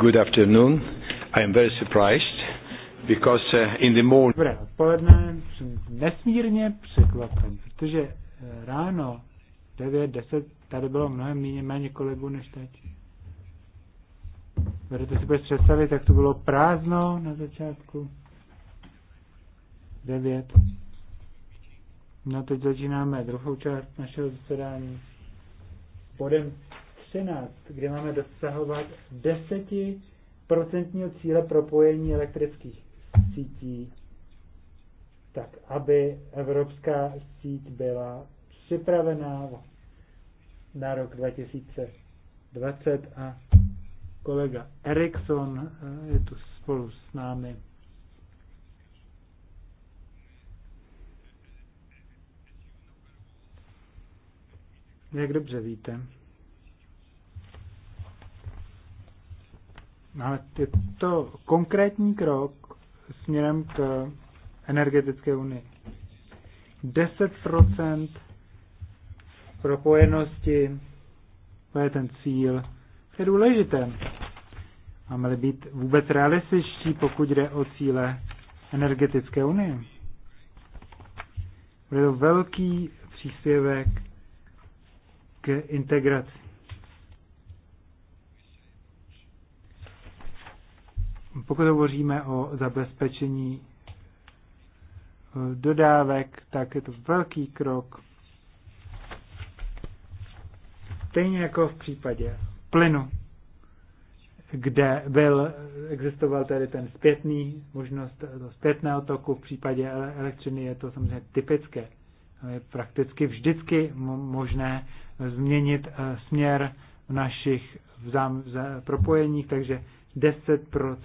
Good afternoon. I am very surprised because uh, in the morning... Dobré odpoledne, jsem nesmírně překvapen, protože eh, ráno 9.10 tady bylo mnohem méně, méně kolegů než teď. Budete si představit, jak to bylo prázdno na začátku. 9. No teď začínáme druhou část našeho zasedání. Podem 13, kde máme dosahovat 10% cíle propojení elektrických sítí, tak aby evropská síť byla připravená na rok 2020 a kolega Ericsson eh, je tu spolu s námi. Jak dobře víte, No, ale je to konkrétní krok směrem k energetické unii. 10% propojenosti, to je ten cíl, je důležité. Máme-li být vůbec realističtí, pokud jde o cíle energetické unie. Bude to velký příspěvek k integraci. pokud hovoříme o zabezpečení eh, dodávek, tak je to velký krok. Stejně jako v případě plynu, kde byl, existoval tedy ten zpětný, možnost to zpětného toku, v případě elektřiny je to samozřejmě typické. Je prakticky vždycky možné změnit eh, směr v našich vzám, propojeních, takže 10%,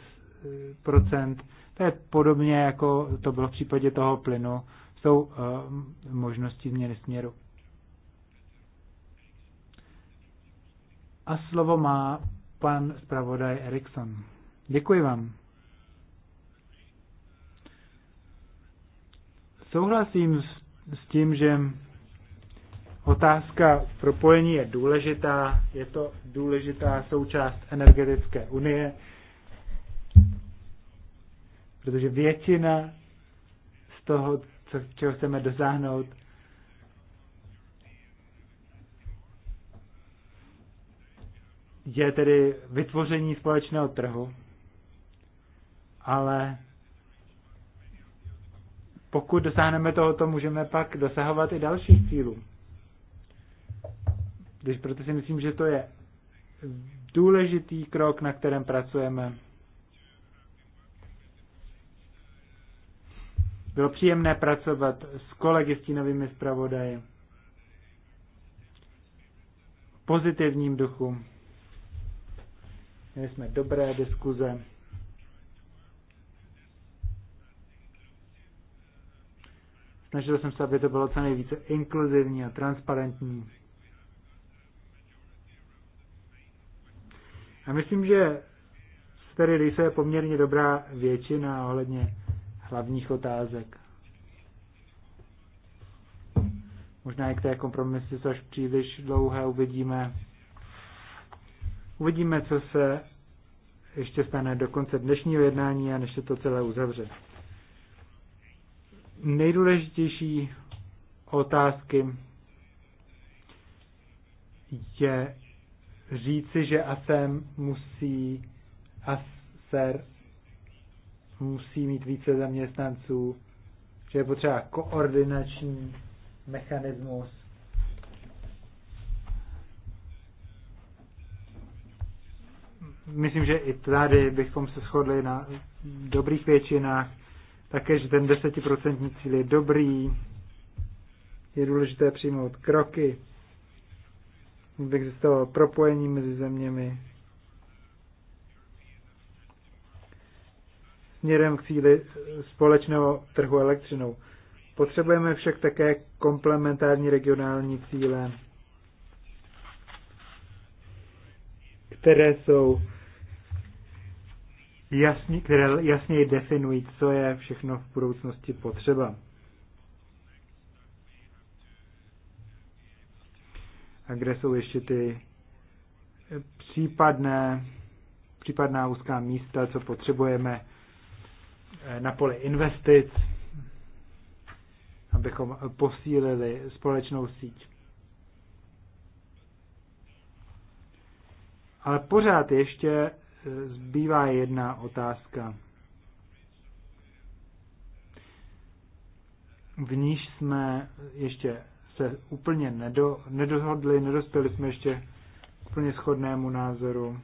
procent. To je podobně, jako to bylo v případě toho plynu, jsou eh, možnosti změny směru. A slovo má pan zpravodaj Erikson. Děkuji vám. Souhlasím s tím, že otázka propojení je důležitá, je to důležitá součást energetické unie protože většina z toho, co, čeho chceme dosáhnout, je tedy vytvoření společného trhu, ale pokud dosáhneme tohoto, můžeme pak dosahovat i dalších cílů. Když proto si myslím, že to je důležitý krok, na kterém pracujeme. Bylo příjemné pracovat s kolegy novými zpravodaji v pozitivním duchu. Měli jsme dobré diskuze. Snažil jsem se, aby to bylo co nejvíce inkluzivní a transparentní. A myslím, že tady rýsuje poměrně dobrá většina ohledně hlavních otázek. Možná té kompromisy jsou až příliš dlouhé, uvidíme. Uvidíme, co se ještě stane do konce dnešního jednání a než se to celé uzavře. Nejdůležitější otázky je říci, že ASEM musí ASER musí mít více zaměstnanců, že je potřeba koordinační mechanismus. Myslím, že i tady bychom se shodli na dobrých většinách, také, že ten desetiprocentní cíl je dobrý, je důležité přijmout kroky, aby existovalo propojení mezi zeměmi, směrem k cíli společného trhu elektřinou. Potřebujeme však také komplementární regionální cíle, které jsou jasně, které jasněji definují, co je všechno v budoucnosti potřeba. A kde jsou ještě ty případné, případná úzká místa, co potřebujeme Eh, na poli investic, abychom posílili společnou síť. Ale pořád ještě eh, zbývá jedna otázka, v níž jsme ještě se úplně nedo, nedohodli, nedospěli jsme ještě k úplně shodnému názoru.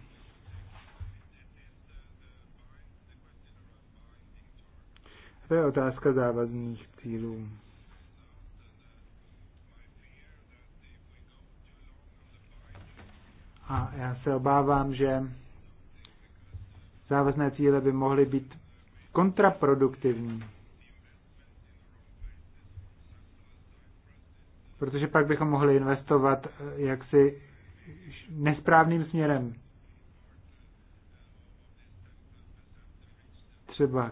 To je otázka závazných cílů. A já se obávám, že závazné cíle by mohly být kontraproduktivní. Protože pak bychom mohli investovat eh, jaksi nesprávným směrem. Třeba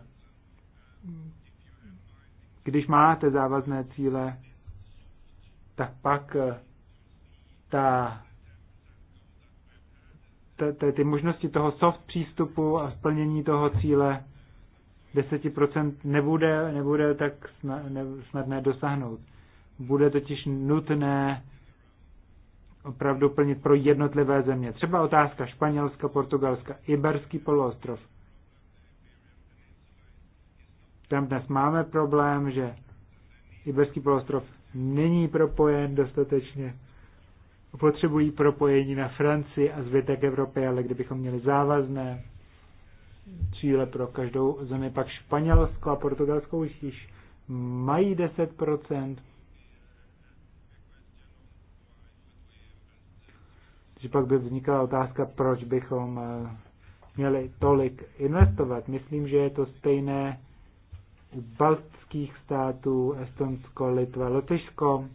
když máte závazné cíle, tak pak eh, ta, ta, ty možnosti toho soft přístupu a splnění toho cíle 10% nebude, nebude tak snadné dosáhnout. Bude totiž nutné opravdu plnit pro jednotlivé země. Třeba otázka Španělska, Portugalska, Iberský poloostrov tam dnes máme problém, že Iberský polostrov není propojen dostatečně. Potřebují propojení na Francii a zbytek Evropy, ale kdybychom měli závazné cíle pro každou zemi, pak Španělsko a Portugalsko už již mají 10%. Takže pak by vznikala otázka, proč bychom eh, měli tolik investovat. Myslím, že je to stejné baltských států, Estonsko, Litva, Lotyšsko.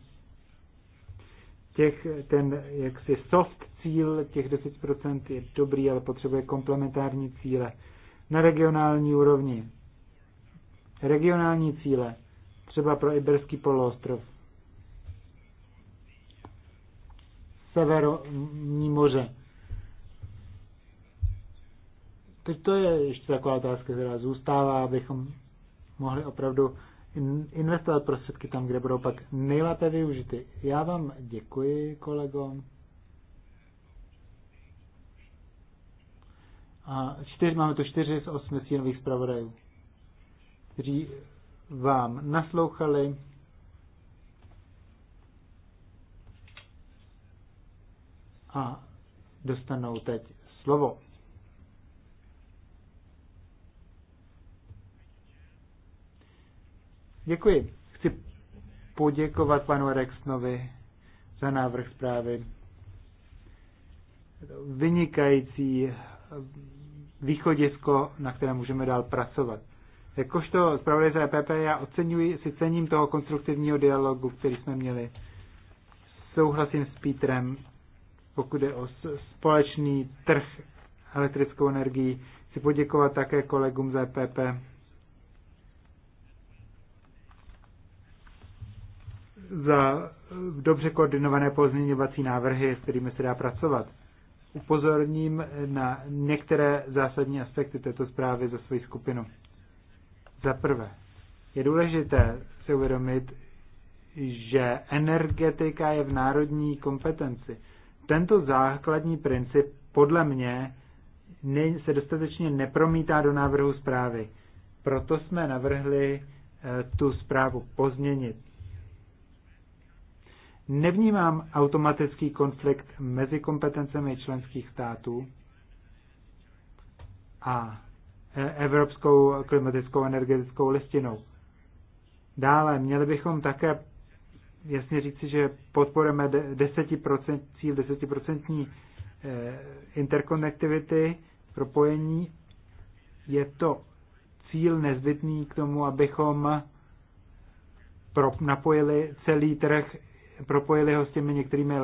Těch, ten jaksi soft cíl těch 10% je dobrý, ale potřebuje komplementární cíle. Na regionální úrovni. Regionální cíle, třeba pro Iberský poloostrov, Severní moře. Teď to je ještě taková otázka, která zůstává, abychom mohli opravdu investovat prostředky tam, kde budou pak nejlépe využity. Já vám děkuji, kolego. A čtyř, máme tu čtyři z osmi sínových zpravodajů, kteří vám naslouchali. A dostanou teď slovo. Děkuji. Chci poděkovat panu Rexnovi za návrh zprávy. Vynikající východisko, na které můžeme dál pracovat. Jakožto zpravodaj za EPP, já oceňuji, si cením toho konstruktivního dialogu, který jsme měli. Souhlasím s Pítrem, pokud je o společný trh elektrickou energií. Chci poděkovat také kolegům z EPP za eh, dobře koordinované pozměňovací návrhy, s kterými se dá pracovat. Upozorním na některé zásadní aspekty této zprávy za svoji skupinu. Za prvé, je důležité si uvědomit, že energetika je v národní kompetenci. Tento základní princip podle mě se dostatečně nepromítá do návrhu zprávy. Proto jsme navrhli eh, tu zprávu pozměnit. Nevnímám automatický konflikt mezi kompetencemi členských států a e, Evropskou klimatickou energetickou listinou. Dále měli bychom také jasně říci, že podporujeme 10%, cíl 10% e, interkonektivity, propojení. Je to cíl nezbytný k tomu, abychom napojili celý trh propojili ho s těmi některými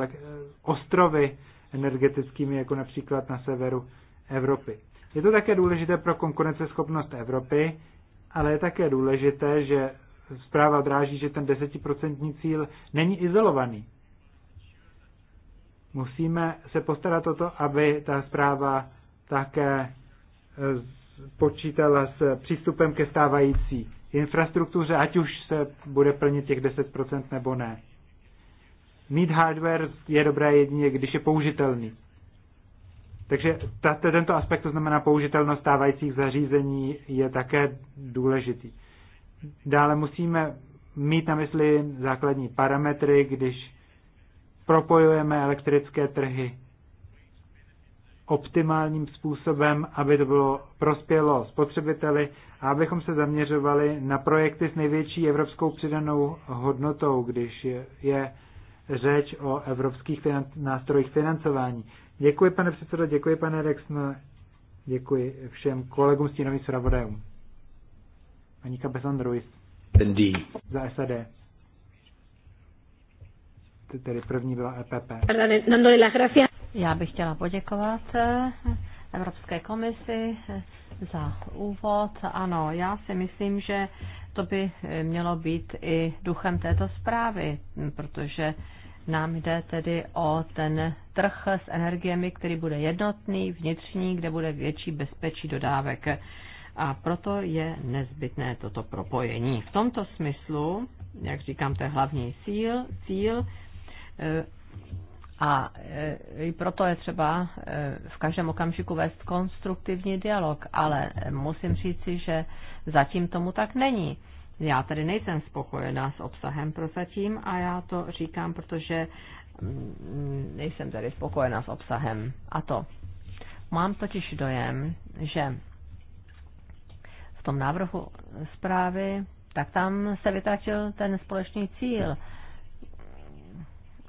ostrovy energetickými, jako například na severu Evropy. Je to také důležité pro konkurenceschopnost Evropy, ale je také důležité, že zpráva dráží, že ten desetiprocentní cíl není izolovaný. Musíme se postarat o to, aby ta zpráva také e, počítala s přístupem ke stávající infrastruktuře, ať už se bude plnit těch 10% nebo ne. Mít hardware je dobré jedině, když je použitelný. Takže tato, tento aspekt, to znamená použitelnost stávajících zařízení, je také důležitý. Dále musíme mít na mysli základní parametry, když propojujeme elektrické trhy optimálním způsobem, aby to bylo prospělo spotřebiteli a abychom se zaměřovali na projekty s největší evropskou přidanou hodnotou, když je, je řeč o evropských finan- nástrojích financování. Děkuji, pane předsedo, děkuji, pane Rexno, děkuji všem kolegům stínovým zpravodajům. Paní Kapesan Ruiz. D. Za SAD. Tedy první byla EPP. Já bych chtěla poděkovat eh, Evropské komisi eh, za úvod. Ano, já si myslím, že to by eh, mělo být i duchem této zprávy, protože nám jde tedy o ten trh s energiemi, který bude jednotný, vnitřní, kde bude větší bezpečí dodávek. A proto je nezbytné toto propojení. V tomto smyslu, jak říkám, to je hlavní cíl, cíl eh, a e, i proto je třeba e, v každém okamžiku vést konstruktivní dialog, ale musím říci, že zatím tomu tak není. Já tedy nejsem spokojená s obsahem prozatím a já to říkám, protože mm, nejsem tedy spokojená s obsahem. A to. Mám totiž dojem, že v tom návrhu zprávy, tak tam se vytratil ten společný cíl. Hmm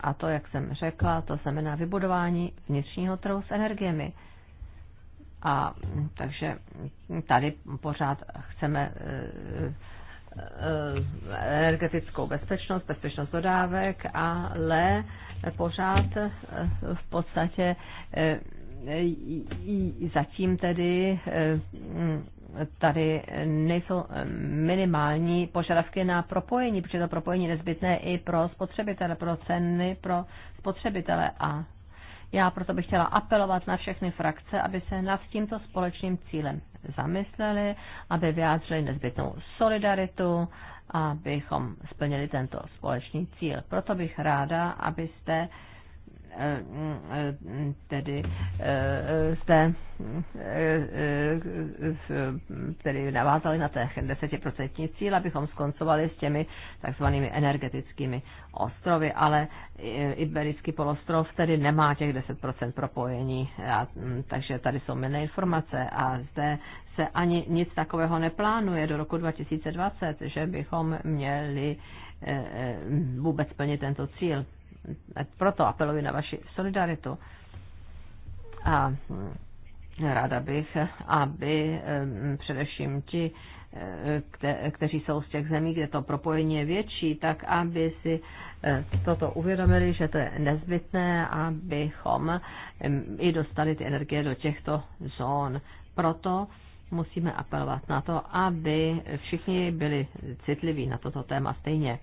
a to, jak jsem řekla, to znamená vybudování vnitřního trhu s energiemi. A takže tady pořád chceme eh, eh, energetickou bezpečnost, bezpečnost dodávek, ale pořád eh, v podstatě zatím tedy tady nejsou eh, minimální požadavky na propojení, protože to propojení je nezbytné i pro spotřebitele, pro ceny pro spotřebitele. A já proto bych chtěla apelovat na všechny frakce, aby se nad tímto společným cílem zamysleli, aby vyjádřili nezbytnou solidaritu, abychom splnili tento společný cíl. Proto bych ráda, abyste tedy eh, té eh, eh, tedy navázali na těch 10% cíl, abychom skoncovali s těmi takzvanými energetickými ostrovy, ale Iberický polostrov tedy nemá těch 10% propojení, a, mm, takže tady jsou milé informace a zde se ani nic takového neplánuje do roku 2020, že bychom měli vůbec plnit tento cíl proto apeluji na vaši solidaritu. A eh, ráda bych, aby eh, především ti, eh, kte, kteří jsou z těch zemí, kde to propojení je větší, tak aby si toto uvědomili, že to je nezbytné, abychom i dostali ty energie do těchto zón. Proto musíme apelovat na to, aby všichni byli citliví na toto téma stejně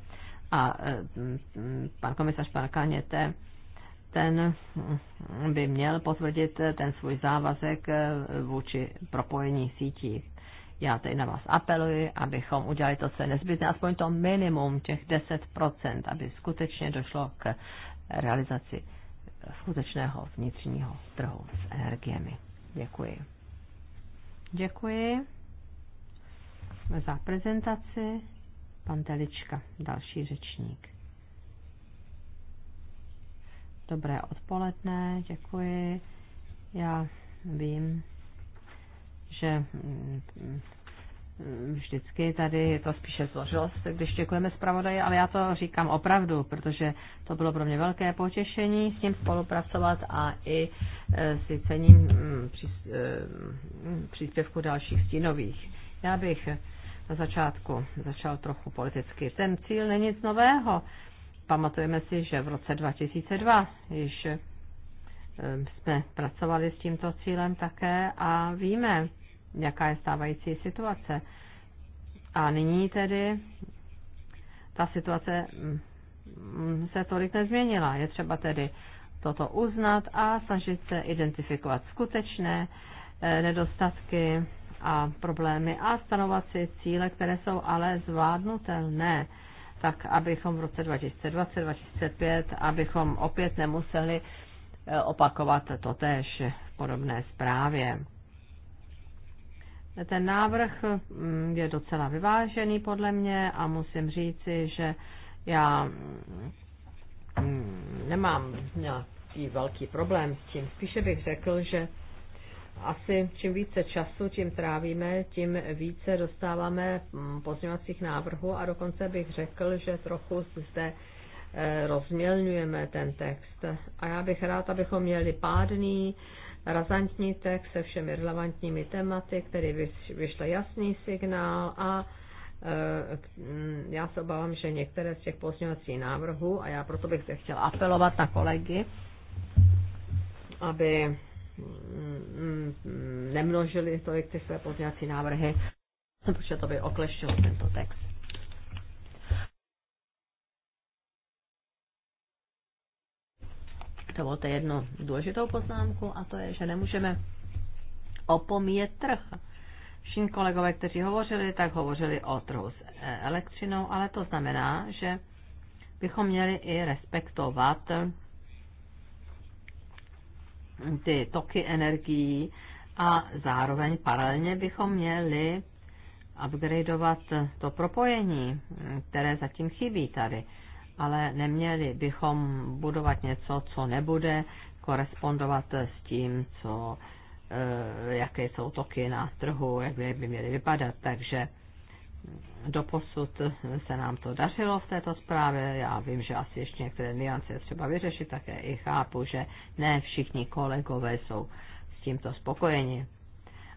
a e, pan komisař Parkaněte ten by měl potvrdit ten svůj závazek e, vůči propojení sítí. Já tady na vás apeluji, abychom udělali to, co je nezbytné, aspoň to minimum těch 10%, aby skutečně došlo k realizaci skutečného vnitřního trhu s energiemi. Děkuji. Děkuji za prezentaci. Pan Telička, další řečník. Dobré odpoledne, děkuji. Já vím, že mm, vždycky tady je to spíše zložilost, když děkujeme zpravodaji, ale já to říkám opravdu, protože to bylo pro mě velké potěšení s ním spolupracovat a i e, si cením mm, e, mm, příspěvku dalších stínových. Já bych na začátku začal trochu politicky. Ten cíl není nic nového. Pamatujeme si, že v roce 2002 již eh, jsme pracovali s tímto cílem také a víme, jaká je stávající situace. A nyní tedy ta situace mm, mm, se tolik nezměnila. Je třeba tedy toto uznat a snažit se identifikovat skutečné eh, nedostatky a problémy a stanovat si cíle, které jsou ale zvládnutelné, tak abychom v roce 2020-2025, abychom opět nemuseli eh, opakovat totéž v podobné zprávě. Ten návrh mm, je docela vyvážený podle mě a musím říci, že já mm, nemám nějaký velký problém s tím. Spíše bych řekl, že asi čím více času tím trávíme, tím více dostáváme mm, pozměňovacích návrhů a dokonce bych řekl, že trochu zde eh, rozmělňujeme ten text. A já bych rád, abychom měli pádný, razantní text se všemi relevantními tématy, který vyšle jasný signál a eh, mm, já se obávám, že některé z těch pozměňovacích návrhů, a já proto bych se chtěl apelovat na kolegy, aby nemnožili tolik ty své pozměňovací návrhy, protože to by okleštilo tento text. To bylo to jedno důležitou poznámku a to je, že nemůžeme opomíjet trh. Všichni kolegové, kteří hovořili, tak hovořili o trhu s eh, elektřinou, ale to znamená, že bychom měli i respektovat ty toky energií a zároveň paralelně bychom měli upgradeovat to propojení, které zatím chybí tady. Ale neměli bychom budovat něco, co nebude korespondovat s tím, co, eh, jaké jsou toky na trhu, jak by měly vypadat. Takže doposud se nám to dařilo v této zprávě. Já vím, že asi ještě některé niance je třeba vyřešit, také i chápu, že ne všichni kolegové jsou s tímto spokojeni.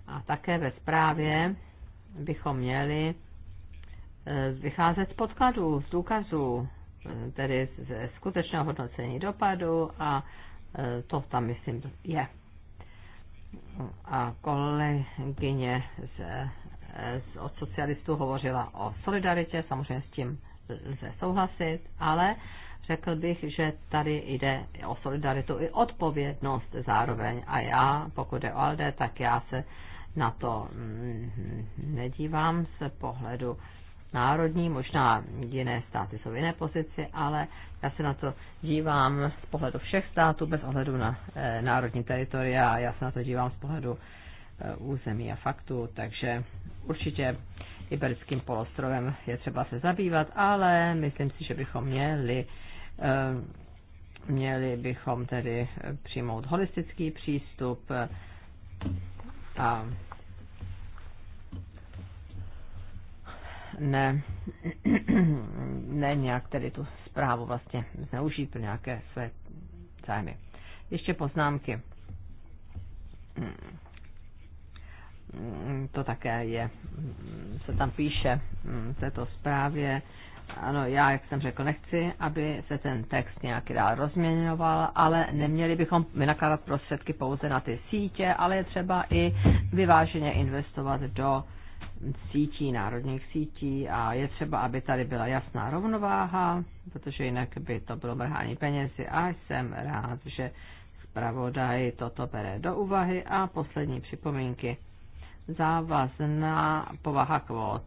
A také ve zprávě bychom měli eh, vycházet z podkladů, z důkazů, eh, tedy ze skutečného hodnocení dopadu a eh, to tam, myslím, je. A kolegyně z od socialistů hovořila o solidaritě, samozřejmě s tím lze souhlasit, ale řekl bych, že tady jde o solidaritu i odpovědnost zároveň. A já, pokud je o Alde, tak já se na to mm, nedívám z pohledu národní, možná jiné státy jsou v jiné pozici, ale já se na to dívám z pohledu všech států, bez ohledu na e, národní teritoria, já se na to dívám z pohledu Eh, území a faktu, takže určitě Iberickým polostrovem je třeba se zabývat, ale myslím si, že bychom měli eh, měli bychom tedy přijmout holistický přístup eh, a ne, ne nějak tedy tu zprávu vlastně zneužít pro nějaké své zájmy. Ještě poznámky. Hmm. Mm, to také je, mm, se tam píše mm, v této zprávě. Ano, já, jak jsem řekl, nechci, aby se ten text nějaký dál rozměňoval, ale neměli bychom vynakládat prostředky pouze na ty sítě, ale je třeba i vyváženě investovat do sítí, národních sítí a je třeba, aby tady byla jasná rovnováha, protože jinak by to bylo mrhání penězi a jsem rád, že zpravodaj toto bere do úvahy a poslední připomínky závazná povaha kvót.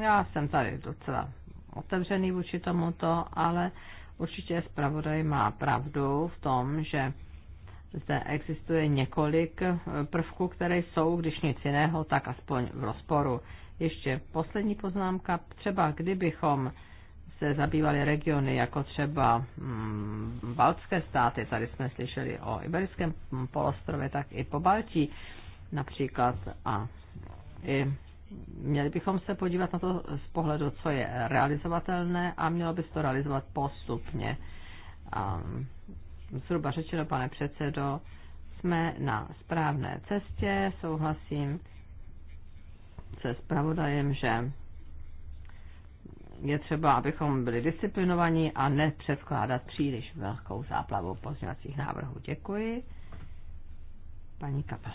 Já jsem tady docela otevřený vůči tomuto, ale určitě zpravodaj má pravdu v tom, že zde existuje několik prvků, které jsou, když nic jiného, tak aspoň v rozporu. Ještě poslední poznámka, třeba kdybychom se zabývali regiony, jako třeba mm, baltské státy, tady jsme slyšeli o Iberickém polostrově, tak i po Baltí, například a i měli bychom se podívat na to z pohledu, co je realizovatelné a mělo by se to realizovat postupně. A zhruba řečeno, pane předsedo, jsme na správné cestě, souhlasím se zpravodajem, že je třeba, abychom byli disciplinovaní a nepředkládat příliš velkou záplavu pozměňovacích návrhů. Děkuji. Paní Kapel.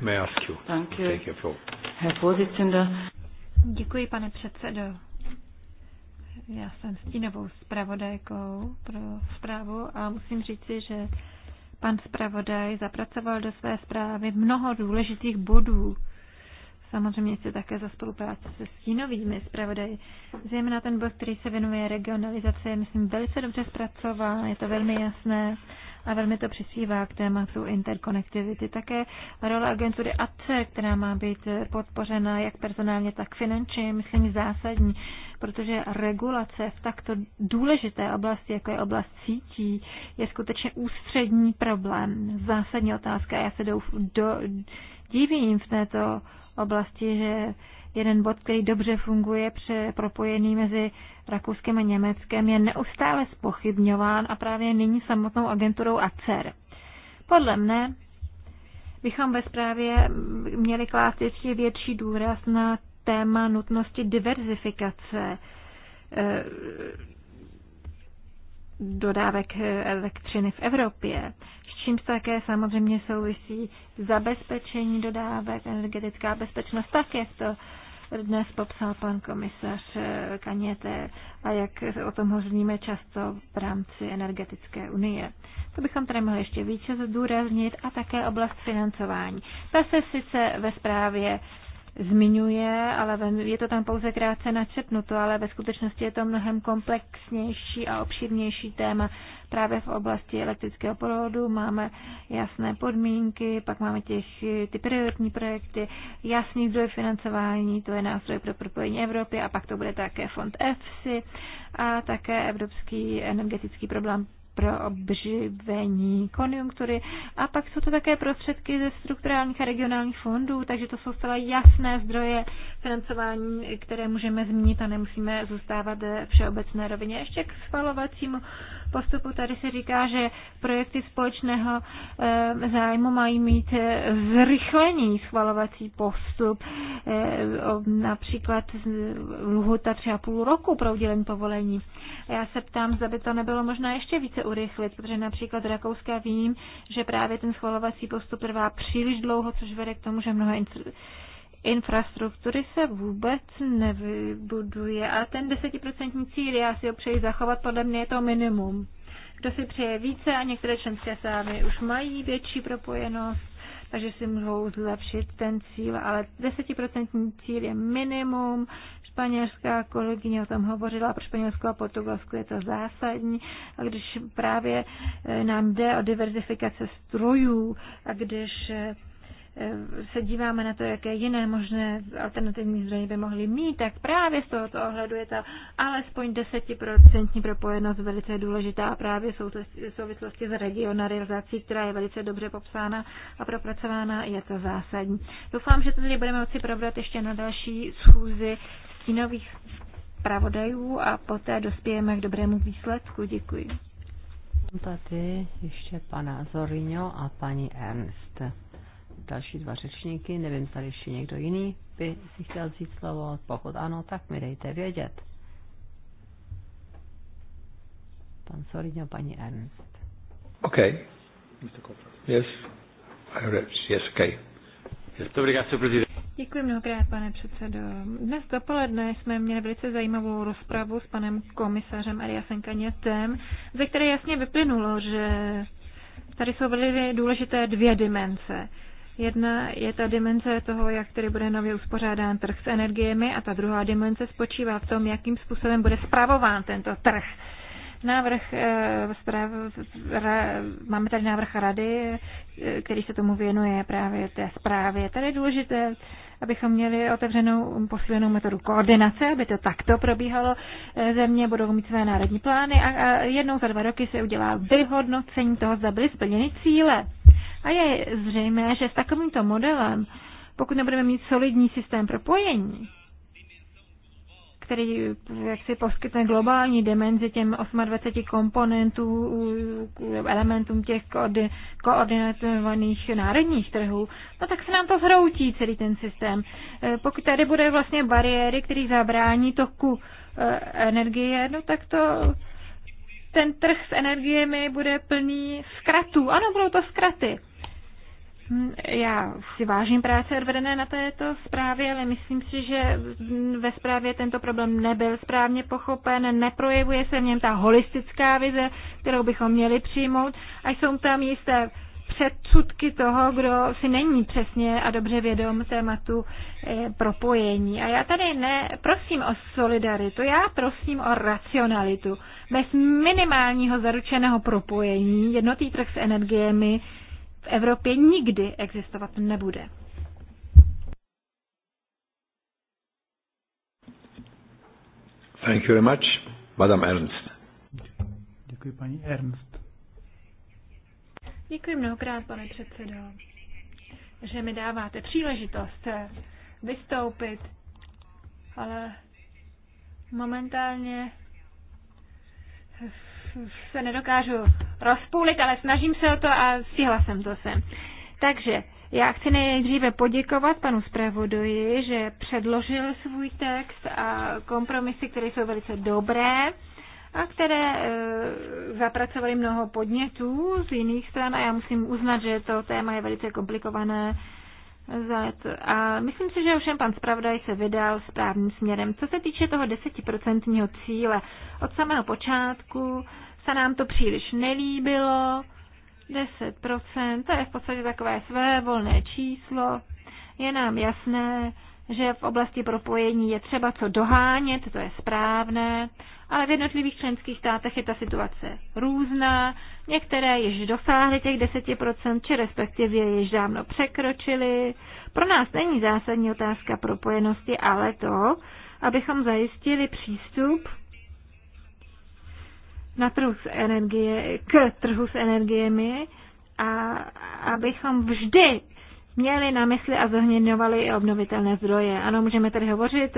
May I ask you? Thank you. Take your floor. Herr Vorsitzender. Děkuji, pane předsedo. Já jsem stínovou zpravodajkou pro zprávu a musím říci, že pan zpravodaj zapracoval do své zprávy mnoho důležitých bodů. Samozřejmě se také za spolupráci se stínovými zpravodaji. Zejména ten bod, který se věnuje regionalizaci, je, myslím, velice dobře zpracován, je to velmi jasné a velmi to přispívá k tématu interkonektivity. Také role agentury ACER, která má být podpořena jak personálně, tak finančně, myslím zásadní, protože regulace v takto důležité oblasti, jako je oblast sítí, je skutečně ústřední problém, zásadní otázka. Já se douf, do, divím v této oblasti, že jeden bod, který dobře funguje, pře, propojený mezi Rakouskem a Německem, je neustále spochybňován a právě nyní samotnou agenturou ACER. Podle mne bychom ve zprávě měli klást ještě větší důraz na téma nutnosti diverzifikace e, dodávek elektřiny v Evropě, s čím také samozřejmě souvisí zabezpečení dodávek, energetická bezpečnost, tak jak to dnes popsal pan komisař eh, Kaněte a jak o tom hovoříme často v rámci energetické unie. To bychom tady mohli ještě více zdůraznit a také oblast financování. Ta se sice ve zprávě zmiňuje, ale je to tam pouze krátce načetnuto, ale ve skutečnosti je to mnohem komplexnější a obširnější téma. Právě v oblasti elektrického porodu máme jasné podmínky, pak máme těch, ty prioritní projekty, jasný zdroj financování, to je nástroj pro propojení Evropy a pak to bude také fond EFSI a také Evropský energetický problém pro obživení konjunktury. A pak jsou to také prostředky ze strukturálních a regionálních fondů, takže to jsou zcela jasné zdroje financování, které můžeme zmínit a nemusíme zůstávat všeobecné rovině. Ještě k schvalovacímu postupu. Tady se říká, že projekty společného eh, zájmu mají mít eh, zrychlený schvalovací postup, eh, například lhuta třeba půl roku pro udělení povolení. Já se ptám, zda by to nebylo možná ještě více urychlit, protože například z Rakouska vím, že právě ten schvalovací postup trvá příliš dlouho, což vede k tomu, že mnoho infrastruktury se vůbec nevybuduje. A ten desetiprocentní cíl, já si ho přeji zachovat, podle mě je to minimum. Kdo si přeje více a některé členské sámy už mají větší propojenost, takže si mohou zlepšit ten cíl, ale desetiprocentní cíl je minimum. Španělská kolegyně o tom hovořila, pro Španělsko a Portugalsko je to zásadní. A když právě eh, nám jde o diverzifikace strojů a když eh, Eh, se díváme na to, jaké jiné možné alternativní zdroje by mohly mít, tak právě z tohoto ohledu je ta alespoň desetiprocentní propojenost velice důležitá a právě v souvislosti s regionalizací, která je velice dobře popsána a propracována, je to zásadní. Doufám, že to tady budeme moci probrat ještě na další schůzi stínových pravodajů a poté dospějeme k dobrému výsledku. Děkuji. Tady ještě pana Zorino a paní Ernst další dva řečníky. Nevím, tady ještě někdo jiný by si chtěl vzít slovo. Pokud ano, tak mi dejte vědět. Pan Sorino, paní Ernst. OK. Yes. Yes, okay. Yes. Dobrý já se Děkuji mnohokrát, pane předsedo. Dnes dopoledne jsme měli velice zajímavou rozpravu s panem komisařem Ariasem Kanětem, ze které jasně vyplynulo, že tady jsou velmi důležité dvě dimenze. Jedna je ta dimenze toho, jak tedy bude nově uspořádán trh s energiemi a ta druhá dimenze spočívá v tom, jakým způsobem bude zpravován tento trh. Návrh, eh, máme tady návrh rady, eh, který se tomu věnuje právě té zprávě. Tady je důležité, abychom měli otevřenou posílenou metodu koordinace, aby to takto probíhalo. Eh, země budou mít své národní plány a jednou za dva roky se udělá vyhodnocení toho, zda byly splněny cíle. A je zřejmé, že s takovýmto modelem, pokud nebudeme mít solidní systém propojení, který jak si poskytne globální dimenzi těm 28 komponentů, elementům těch koordinovaných národních trhů, no tak se nám to zhroutí celý ten systém. E, pokud tady bude vlastně bariéry, které zabrání toku e, energie, no tak to ten trh s energiemi bude plný zkratů. Ano, budou to zkraty. Hm, já si vážím práce odvedené na této zprávě, ale myslím si, že ve zprávě tento problém nebyl správně pochopen, neprojevuje se v něm ta holistická vize, kterou bychom měli přijmout a jsou tam jisté předsudky toho, kdo si není přesně a dobře vědom tématu eh, propojení. A já tady neprosím o solidaritu, já prosím o racionalitu. Bez minimálního zaručeného propojení jednotý trh s energiemi v Evropě nikdy existovat nebude. Thank you very much, Madame Ernst. Děkuji, paní Ernst. Děkuji mnohokrát, pane předsedo, že mi dáváte příležitost vystoupit, ale momentálně se nedokážu rozpůlit, ale snažím se o to a stihla jsem to sem. Takže já chci nejdříve poděkovat panu zpravodoji, že předložil svůj text a kompromisy, které jsou velice dobré a které e, zapracovali mnoho podnětů z jiných stran a já musím uznat, že to téma je velice komplikované. A myslím si, že ovšem pan zpravodaj se vydal správným směrem. Co se týče toho desetiprocentního cíle, od samého počátku se nám to příliš nelíbilo. 10%, to je v podstatě takové své volné číslo. Je nám jasné, že v oblasti propojení je třeba co dohánět, to je správné, ale v jednotlivých členských státech je ta situace různá. Některé již dosáhly těch 10%, či respektive již dávno překročily. Pro nás není zásadní otázka propojenosti, ale to, abychom zajistili přístup na trhu s energie, k trhu s energiemi a abychom vždy měli na mysli a zohněňovali i obnovitelné zdroje. Ano, můžeme tady hovořit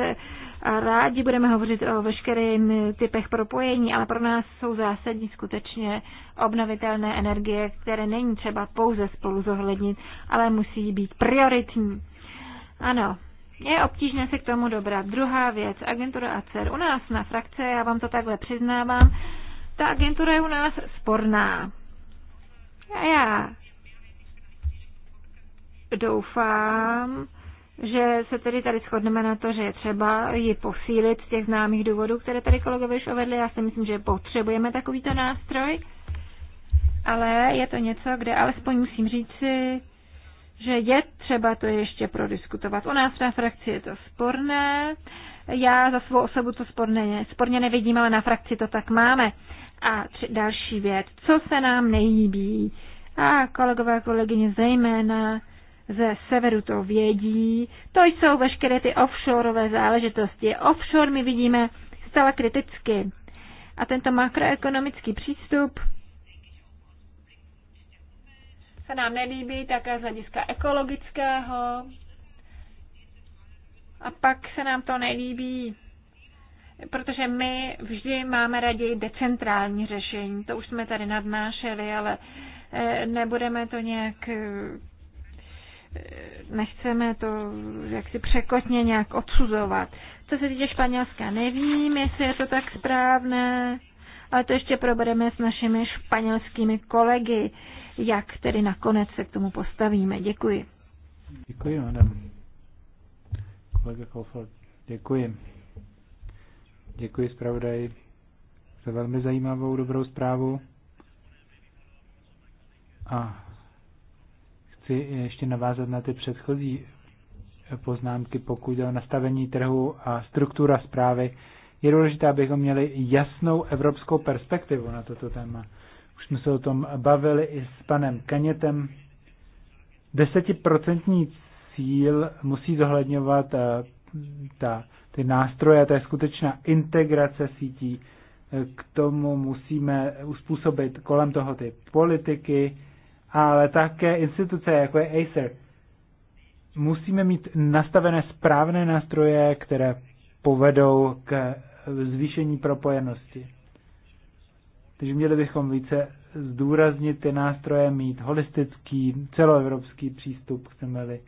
a rádi budeme hovořit o veškerých typech propojení, ale pro nás jsou zásadní skutečně obnovitelné energie, které není třeba pouze spolu zohlednit, ale musí být prioritní. Ano, je obtížné se k tomu dobrat. Druhá věc, agentura ACER. U nás na frakce, já vám to takhle přiznávám, ta agentura je u nás sporná. A já doufám, že se tedy tady shodneme na to, že je třeba ji posílit z těch známých důvodů, které tady kolegové už uvedli. Já si myslím, že potřebujeme takovýto nástroj, ale je to něco, kde alespoň musím říci, že je třeba to ještě prodiskutovat. U nás na frakci je to sporné, já za svou osobu to sporně, sporně nevidím, ale na frakci to tak máme. A tři, další věc, co se nám nejlíbí. A kolegové a kolegyně zejména ze severu to vědí. To jsou veškeré ty offshoreové záležitosti. Offshore my vidíme zcela kriticky. A tento makroekonomický přístup se nám nelíbí také z hlediska ekologického. A pak se nám to nelíbí protože my vždy máme raději decentrální řešení. To už jsme tady nadnášeli, ale eh, nebudeme to nějak eh, nechceme to jaksi překotně nějak odsuzovat. Co se týče Španělska, nevím, jestli je to tak správné, ale to ještě probereme s našimi španělskými kolegy, jak tedy nakonec se k tomu postavíme. Děkuji. Děkuji, madam. Kolega Koufal, děkuji. Děkuji zpravodaj za velmi zajímavou, dobrou zprávu. A chci ještě navázat na ty předchozí poznámky, pokud jde o nastavení trhu a struktura zprávy. Je důležité, abychom měli jasnou evropskou perspektivu na toto téma. Už jsme se o tom bavili i s panem Kanětem. Desetiprocentní cíl musí zohledňovat eh, ta, ty nástroje, to je skutečná integrace sítí. K tomu musíme uspůsobit kolem toho ty politiky, ale také instituce, jako je Acer. Musíme mít nastavené správné nástroje, které povedou k zvýšení propojenosti. Takže měli bychom více zdůraznit ty nástroje, mít holistický, celoevropský přístup, chceme-li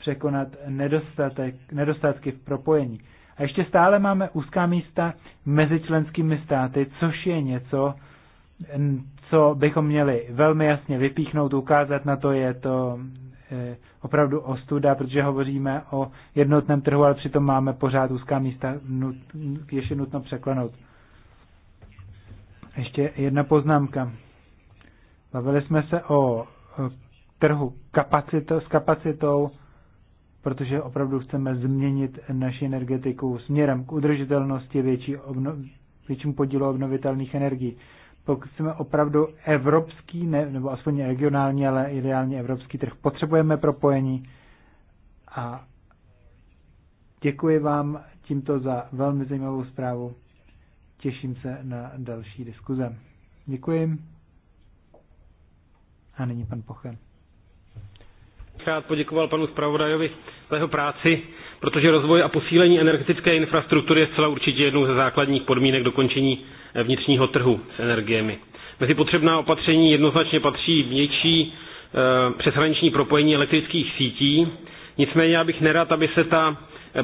překonat nedostatek, nedostatky v propojení. A ještě stále máme úzká místa mezi členskými státy, což je něco, co bychom měli velmi jasně vypíchnout, ukázat na to, je to e, opravdu ostuda, protože hovoříme o jednotném trhu, ale přitom máme pořád úzká místa, ještě nutno překlenout. Ještě jedna poznámka. Bavili jsme se o e, trhu kapacito, s kapacitou protože opravdu chceme změnit naši energetiku směrem k udržitelnosti větší obno, větším podílu obnovitelných energií. Pokud jsme opravdu evropský, ne, nebo aspoň regionální, ale ideálně evropský trh, potřebujeme propojení a děkuji vám tímto za velmi zajímavou zprávu. Těším se na další diskuze. Děkuji. A nyní pan Pochen. Rád poděkoval panu zpravodajovi za jeho práci, protože rozvoj a posílení energetické infrastruktury je zcela určitě jednou ze základních podmínek dokončení vnitřního trhu s energiemi. Mezi potřebná opatření jednoznačně patří vnější e, přeshraniční propojení elektrických sítí. Nicméně já bych nerad, aby se ta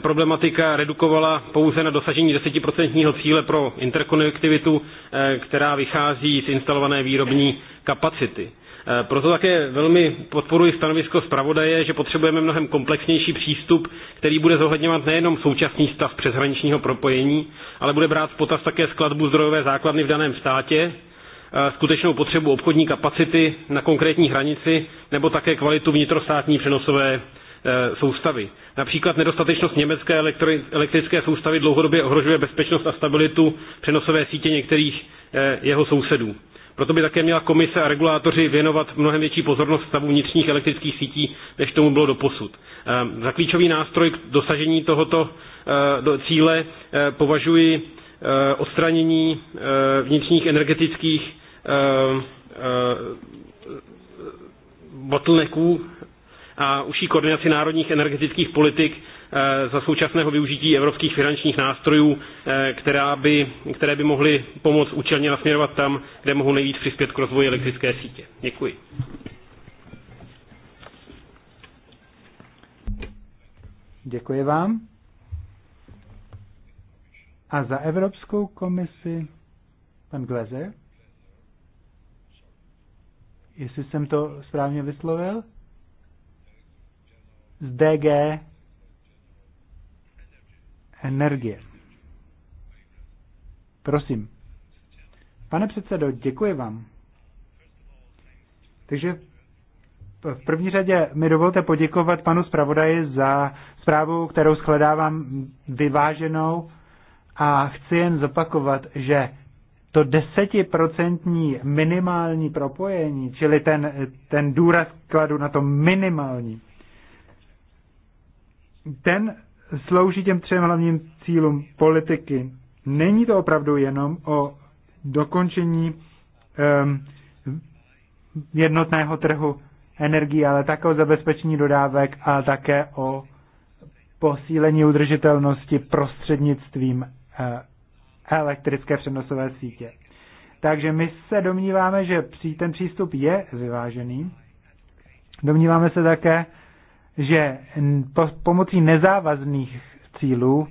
problematika redukovala pouze na dosažení 10% cíle pro interkonektivitu, e, která vychází z instalované výrobní kapacity. Eh, proto také velmi podporuji stanovisko zpravodaje, že potřebujeme mnohem komplexnější přístup, který bude zohledňovat nejenom současný stav přeshraničního propojení, ale bude brát v potaz také skladbu zdrojové základny v daném státě, eh, skutečnou potřebu obchodní kapacity na konkrétní hranici nebo také kvalitu vnitrostátní přenosové eh, soustavy. Například nedostatečnost německé elektrické soustavy dlouhodobě ohrožuje bezpečnost a stabilitu přenosové sítě některých jeho sousedů. Proto by také měla komise a regulátoři věnovat mnohem větší pozornost stavu vnitřních elektrických sítí, než tomu bylo doposud. Ehm, za klíčový nástroj k dosažení tohoto eh, cíle eh, považuji eh, odstranění vnitřních energetických bottlenecků a užší koordinaci národních energetických politik Eh, za současného využití evropských finančních nástrojů, eh, která by, které by mohly pomoct účelně nasměrovat tam, kde mohou nejvíc přispět k rozvoji elektrické sítě. Děkuji. Děkuji vám. A za Evropskou komisi pan Gleze? Jestli jsem to správně vyslovil. Z DG energie. Prosím. Pane předsedo, děkuji vám. Takže v první řadě mi dovolte poděkovat panu zpravodaji za zprávu, kterou shledávám vyváženou a chci jen zopakovat, že to desetiprocentní minimální propojení, čili ten, ten důraz kladu na to minimální, ten slouží těm třem hlavním cílům politiky. Není to opravdu jenom o dokončení um, jednotného trhu energii, ale také o zabezpečení dodávek a také o posílení udržitelnosti prostřednictvím uh, elektrické přenosové sítě. Takže my se domníváme, že ten přístup je vyvážený. Domníváme se také, že pomocí nezávazných cílů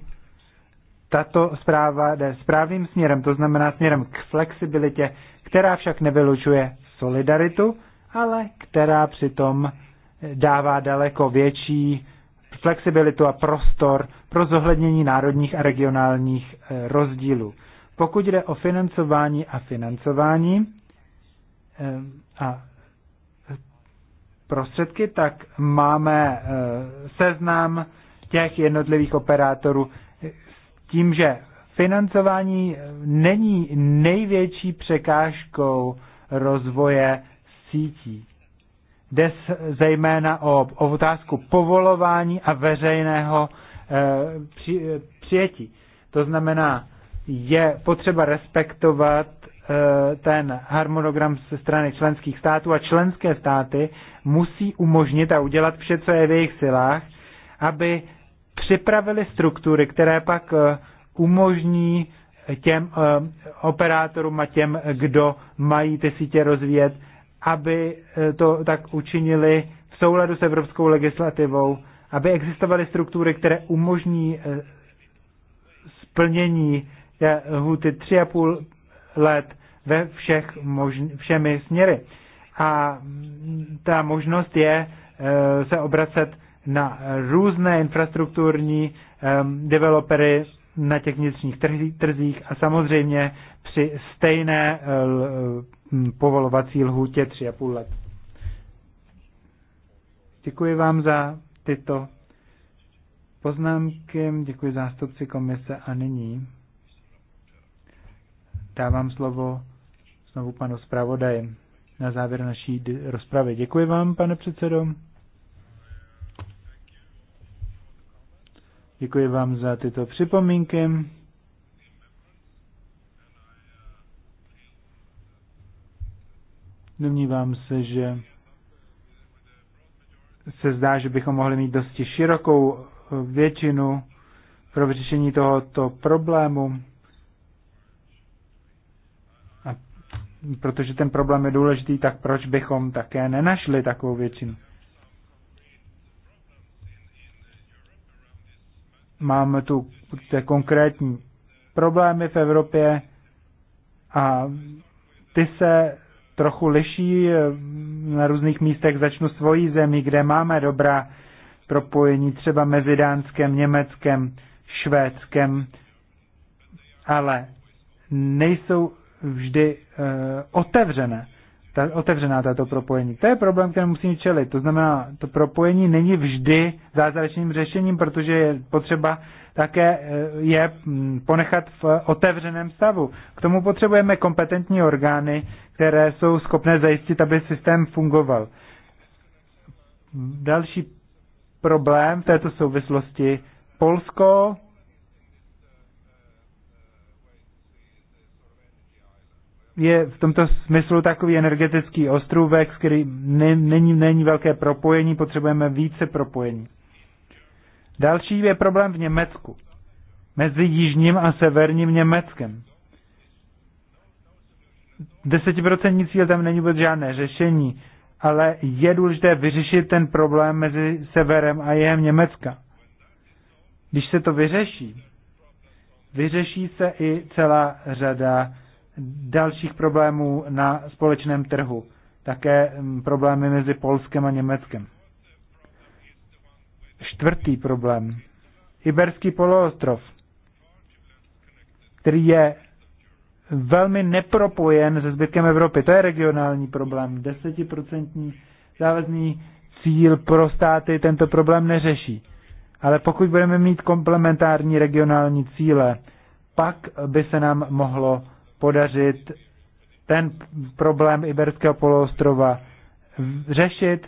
tato zpráva jde správným směrem, to znamená směrem k flexibilitě, která však nevylučuje solidaritu, ale která přitom dává daleko větší flexibilitu a prostor pro zohlednění národních a regionálních e, rozdílů. Pokud jde o financování a financování e, a prostředky, tak máme eh, seznam těch jednotlivých operátorů s tím, že financování eh, není největší překážkou rozvoje sítí. Jde zejména o, o otázku povolování a veřejného e, při, přijetí. To znamená, je potřeba respektovat Eh, ten harmonogram ze strany členských států a členské státy musí umožnit a udělat vše, co je v jejich silách, aby připravili struktury, které pak eh, umožní těm eh, operátorům a těm, kdo mají ty sítě rozvíjet, aby to tak učinili v souladu s evropskou legislativou, aby existovaly struktury, které umožní splnění hůty 3,5 let ve všech možn- všemi směry. A ta možnost je e, se obracet na různé infrastrukturní e, developery na těch vnitřních trzích a samozřejmě při stejné e, povolovací lhůtě 3,5 let. Děkuji vám za tyto poznámky, děkuji zástupci komise a nyní dávám slovo znovu panu zpravodaji na závěr naší rozpravy. Děkuji vám, pane předsedo. Děkuji vám za tyto připomínky. Domnívám se, že se zdá, že bychom mohli mít dosti širokou eh, většinu pro vyřešení tohoto problému. protože ten problém je důležitý, tak proč bychom také nenašli takovou většinu? Máme tu konkrétní problémy v Evropě a ty se trochu liší eh, na různých místech. Začnu svojí zemi, kde máme dobrá propojení třeba mezi Dánskem, Německem, Švédskem, ale nejsou vždy eh, otevřené, ta, otevřená tato propojení. To je problém, který musíme čelit. To znamená, to propojení není vždy zázračným řešením, protože je potřeba také eh, je mm, ponechat v otevřeném stavu. K tomu potřebujeme kompetentní orgány, které jsou schopné zajistit, aby systém fungoval. Další problém v této souvislosti Polsko je v tomto smyslu takový energetický ostrůvek, s který není, není velké propojení, potřebujeme více propojení. Další je problém v Německu. Mezi jižním a severním Německem. Desetiprocentní cíl tam není vůbec žádné řešení, ale je důležité vyřešit ten problém mezi severem a jihem Německa. Když se to vyřeší, vyřeší se i celá řada dalších problémů na společném trhu. Také mm, problémy mezi Polskem a Německem. Čtvrtý problém. Iberský poloostrov, který je velmi nepropojen se zbytkem Evropy. To je regionální problém. Desetiprocentní závazný cíl pro státy tento problém neřeší. Ale pokud budeme mít komplementární regionální cíle, pak by se nám mohlo podařit ten problém Iberského poloostrova řešit.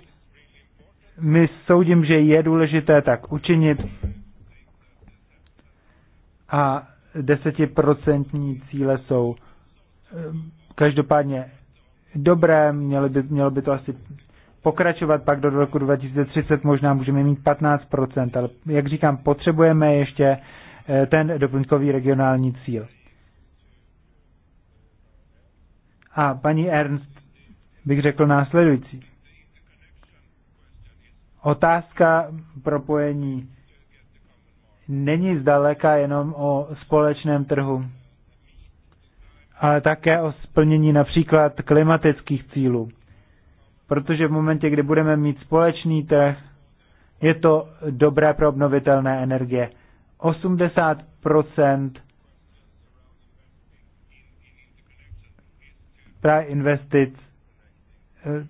My soudím, že je důležité tak učinit a desetiprocentní cíle jsou eh, každopádně dobré, mělo by, mělo by to asi pokračovat, pak do roku 2030 možná můžeme mít 15%, ale jak říkám, potřebujeme ještě eh, ten doplňkový regionální cíl. A paní Ernst bych řekl následující. Otázka propojení není zdaleka jenom o společném trhu, ale také o splnění například klimatických cílů. Protože v momentě, kdy budeme mít společný trh, je to dobré pro obnovitelné energie. 80 právě investic eh,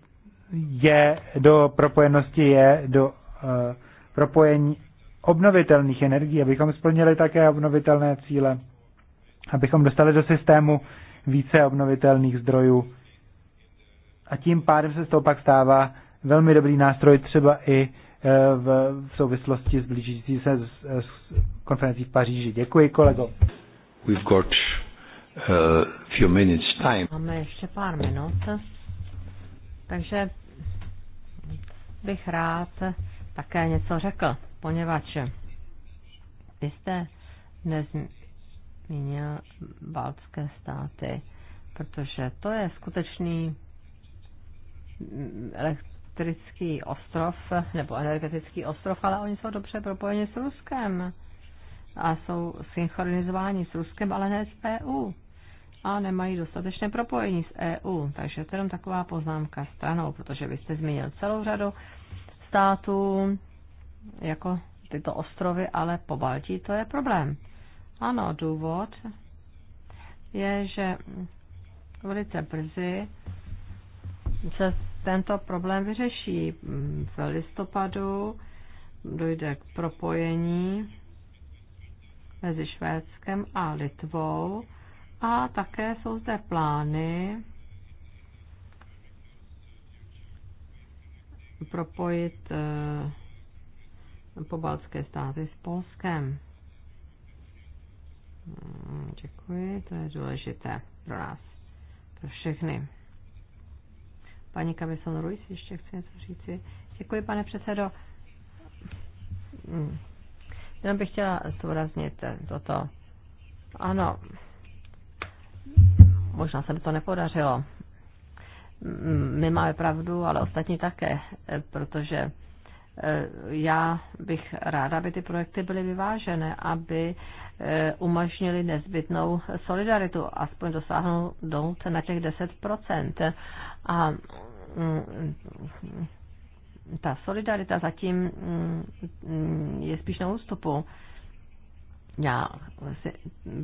je do propojenosti, je do eh, propojení obnovitelných energií, abychom splnili také obnovitelné cíle, abychom dostali do systému více obnovitelných zdrojů. A tím pádem se z toho pak stává velmi dobrý nástroj třeba i eh, v, v souvislosti s blížící se s, s konferencí v Paříži. Děkuji, kolego. We've got Uh, few minutes time. Máme ještě pár minut, takže bych rád také něco řekl, poněvadž vy jste nezmínil baltské státy, protože to je skutečný elektrický ostrov, nebo energetický ostrov, ale oni jsou dobře propojeni s Ruskem a jsou synchronizováni s Ruskem, ale ne s EU a nemají dostatečné propojení s EU. Takže to je jenom taková poznámka stranou, protože vy jste zmínil celou řadu států, jako tyto ostrovy, ale po Baltí to je problém. Ano, důvod je, že velice brzy se tento problém vyřeší. V listopadu dojde k propojení mezi Švédskem a Litvou a také jsou zde plány propojit eh, pobaltské státy s Polskem. Hmm, děkuji, to je důležité pro nás, pro všechny. Paní Kavison Ruiz ještě chce něco říci. Děkuji, pane předsedo. Hmm, jenom bych chtěla zdůraznit eh, toto. Ano, Možná se mi to nepodařilo. My máme pravdu, ale ostatní také, protože e, já bych ráda, aby ty projekty byly vyvážené, aby e, umožnili nezbytnou solidaritu, aspoň dosáhnout na těch 10%. A mm, ta solidarita zatím mm, je spíš na ústupu já vlastně,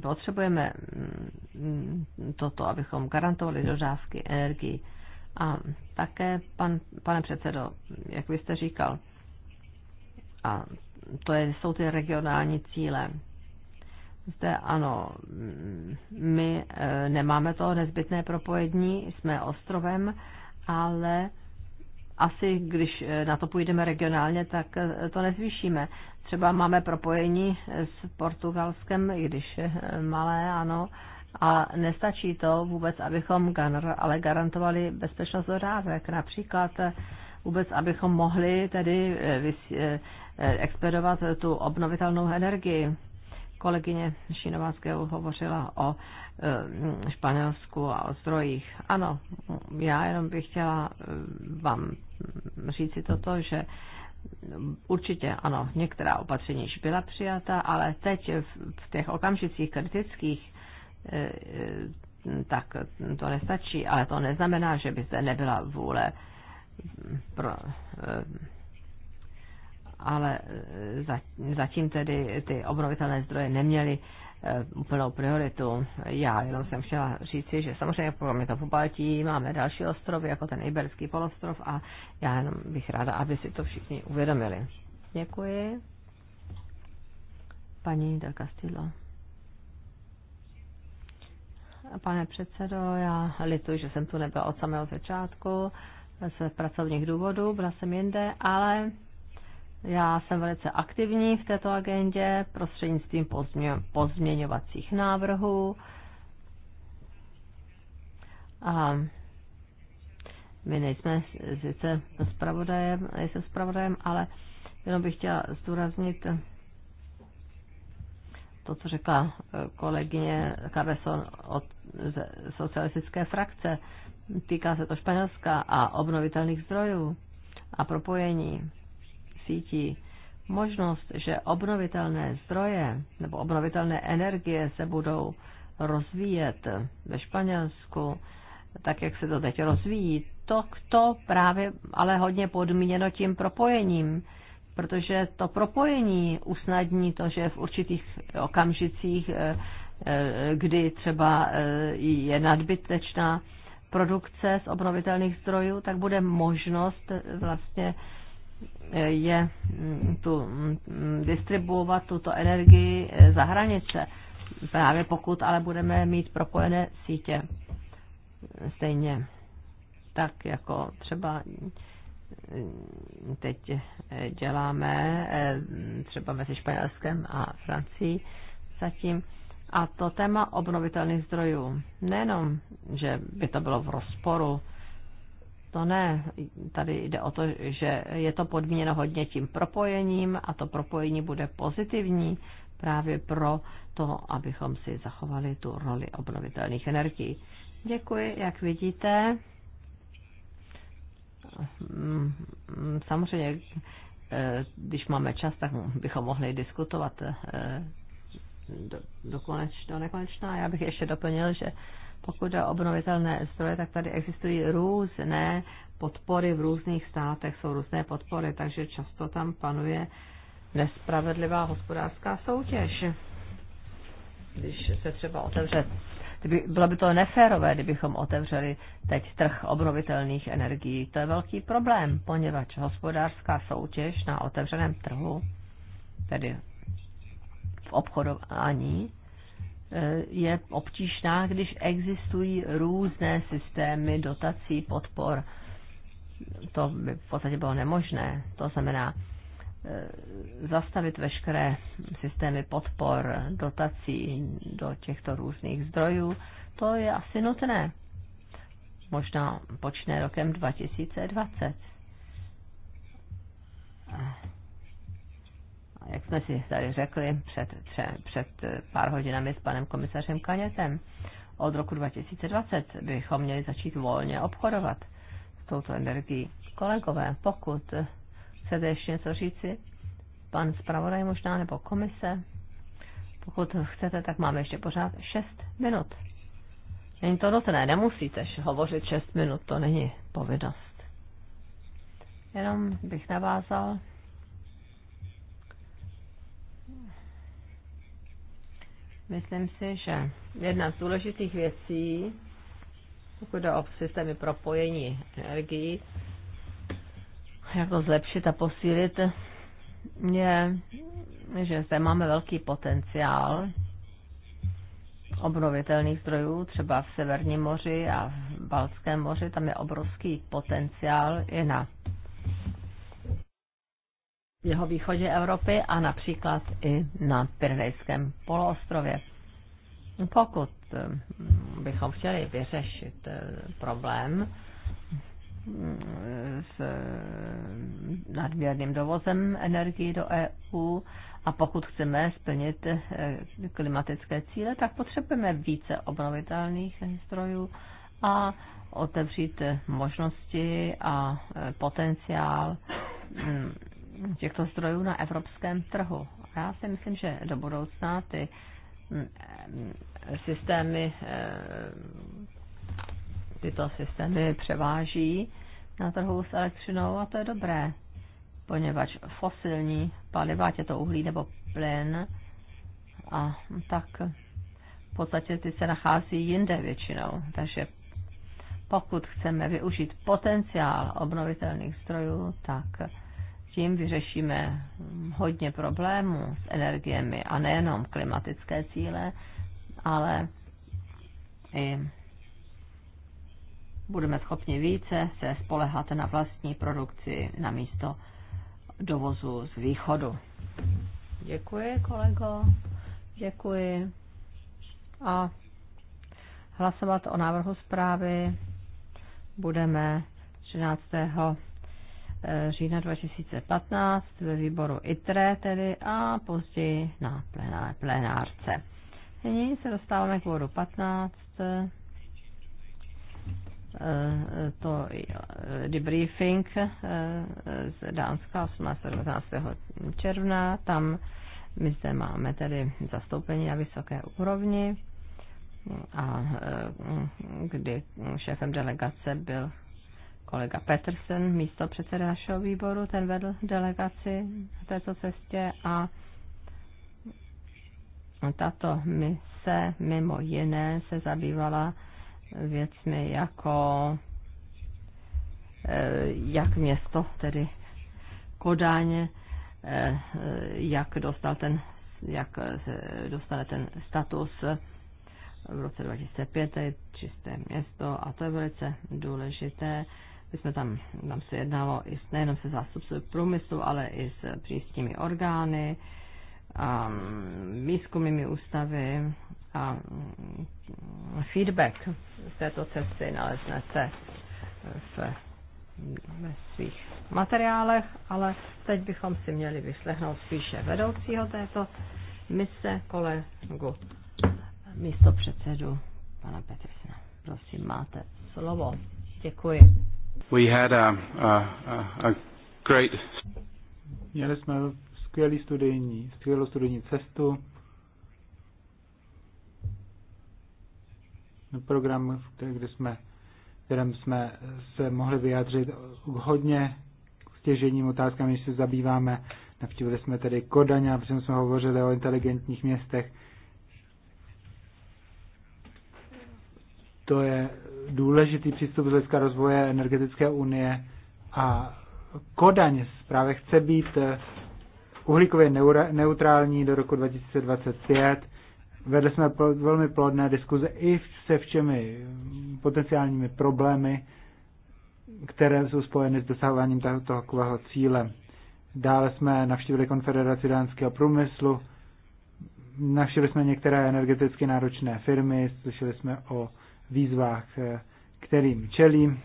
potřebujeme mm, mm, toto, abychom garantovali dodávky energii. A také, pan, pane předsedo, jak vy jste říkal, a to je, jsou ty regionální cíle. Zde ano, mm, my e, nemáme to nezbytné propojení, jsme ostrovem, ale asi když eh, na to půjdeme regionálně, tak eh, to nezvýšíme. Třeba máme propojení s Portugalskem, i když eh, malé, ano, a nestačí to vůbec, abychom ale garantovali bezpečnost dodávek. Například vůbec, abychom mohli tedy expedovat tu obnovitelnou energii. Kolegyně Šinovánského hovořila o eh, Španělsku a o zdrojích. Ano, já jenom bych chtěla eh, vám říci toto, že Určitě ano, některá opatření již byla přijata, ale teď v těch okamžicích kritických eh, tak to nestačí, ale to neznamená, že by zde nebyla vůle pro, ale e, zatím tedy ty obnovitelné zdroje neměly e, úplnou prioritu. Já jenom jsem chtěla říci, že samozřejmě kromě po Baltí máme další ostrovy, jako ten Iberský polostrov a já jenom bych ráda, aby si to všichni uvědomili. Děkuji. Paní Del Castillo. Pane předsedo, já lituji, že jsem tu nebyla od samého začátku z pracovních důvodů, byla jsem jinde, ale já jsem velice aktivní v této agendě prostřednictvím pozměňovacích návrhů. A my nejsme sice zpravodajem, nejsem zpravodajem, ale jenom bych chtěla zdůraznit to, co řekla eh, kolegyně Cabeson od socialistické frakce. Týká se to Španělska a obnovitelných zdrojů a propojení sítí. Možnost, že obnovitelné zdroje nebo obnovitelné energie se budou rozvíjet ve Španělsku, tak jak se to teď rozvíjí, to, to právě ale hodně podmíněno tím propojením, protože to propojení usnadní to, že v určitých okamžicích, eh, eh, kdy třeba eh, je nadbytečná produkce z obnovitelných zdrojů, tak bude možnost vlastně je mm, tu, mm, distribuovat tuto energii eh, za hranice. Právě pokud ale budeme mít propojené sítě eh, stejně. Tak jako třeba mm, teď eh, děláme třeba mezi Španělskem a Francií zatím. A to téma obnovitelných zdrojů. Nejenom, že by to bylo v rozporu to ne, tady jde o to, že je to podmíněno hodně tím propojením a to propojení bude pozitivní právě pro to, abychom si zachovali tu roli obnovitelných energií. Děkuji, jak vidíte. Mm, samozřejmě, eh, když máme čas, tak bychom mohli diskutovat eh, do, do, koneč, do nekonečna. Já bych ještě doplnil, že pokud jde o obnovitelné zdroje, tak tady existují různé podpory v různých státech, jsou různé podpory, takže často tam panuje nespravedlivá hospodářská soutěž. Když se třeba otevře, kdyby, bylo by to neférové, kdybychom otevřeli teď trh obnovitelných energií. To je velký problém, poněvadž hospodářská soutěž na otevřeném trhu, tedy v obchodování, je obtížná, když existují různé systémy dotací, podpor. To by v podstatě bylo nemožné. To znamená e, zastavit veškeré systémy podpor, dotací do těchto různých zdrojů, to je asi nutné. Možná počne rokem 2020 jak jsme si tady řekli před, před, před eh, pár hodinami s panem komisařem Kanětem, od roku 2020 bychom měli začít volně obchodovat s touto energií. Kolegové, pokud chcete ještě něco říci, pan zpravodaj možná nebo komise, pokud chcete, tak máme ještě pořád 6 minut. Není to nutné, nemusíte hovořit 6 minut, to není povinnost. Jenom bych navázal Myslím si, že jedna z důležitých věcí, pokud jde o systémy propojení energií, jako zlepšit a posílit, je, že zde máme velký potenciál obnovitelných zdrojů, třeba v Severním moři a v Balském moři, tam je obrovský potenciál i na jeho východě Evropy a například i na Pyrenejském poloostrově. Pokud eh, bychom chtěli vyřešit eh, problém mm, s eh, nadměrným dovozem energii do EU a pokud chceme splnit klimatické cíle, tak potřebujeme více obnovitelných zdrojů a otevřít možnosti a potenciál mm, těchto zdrojů na evropském trhu. Já si myslím, že do budoucna ty mm, eh, systémy, eh, tyto systémy převáží na trhu s elektřinou a to je dobré, poněvadž fosilní paliva, ať je to uhlí nebo plyn, a tak v podstatě ty se nachází jinde většinou. Takže pokud chceme využít potenciál obnovitelných strojů, tak tím vyřešíme hodně problémů s energiemi a nejenom klimatické cíle, ale i budeme schopni více se spolehat na vlastní produkci na místo dovozu z východu. Děkuji, kolego. Děkuji. A hlasovat o návrhu zprávy budeme 13 října 2015 ve výboru ITRE tedy a později na plenárce. Nyní se dostáváme k bodu 15. Eh, to eh, debriefing eh, z Dánska 18. června. Tam my zde máme tedy zastoupení na vysoké úrovni a kdy šéfem delegace byl kolega Petersen, místo předseda našeho výboru, ten vedl delegaci na této cestě a tato mise mimo jiné se zabývala věcmi jako eh, jak město, tedy Kodáně, eh, jak dostal ten, jak dostane ten status v roce 2005, čisté město a to je velice důležité my jsme tam, tam se jednalo i s, nejenom se zástupci průmyslu, ale i s přístími orgány, a mm, výzkumnými ústavy a mm, feedback z této cesty naleznete v, ve svých materiálech, ale teď bychom si měli vyslechnout spíše vedoucího této mise kolegu místo předsedu pana Petrsina. Prosím, máte slovo. Děkuji. We had a, a, a great... Měli jsme skvělý studijní, skvělou studijní cestu. Program, kde jsme, kterém jsme se mohli vyjádřit hodně stěžením otázkám, když se zabýváme. Navštívili jsme tedy Kodaň a přitom jsme hovořili o inteligentních městech. To je důležitý přístup z hlediska rozvoje energetické unie a Kodaň právě chce být eh, uhlíkově neutrální do roku 2025. Vedli jsme velmi plodné diskuze i se všemi potenciálními problémy, které jsou spojeny s dosahováním takového cíle. Dále jsme navštívili Konfederaci dánského průmyslu, navštívili jsme některé energeticky náročné firmy, slyšeli jsme o výzvách, eh, kterým čelí.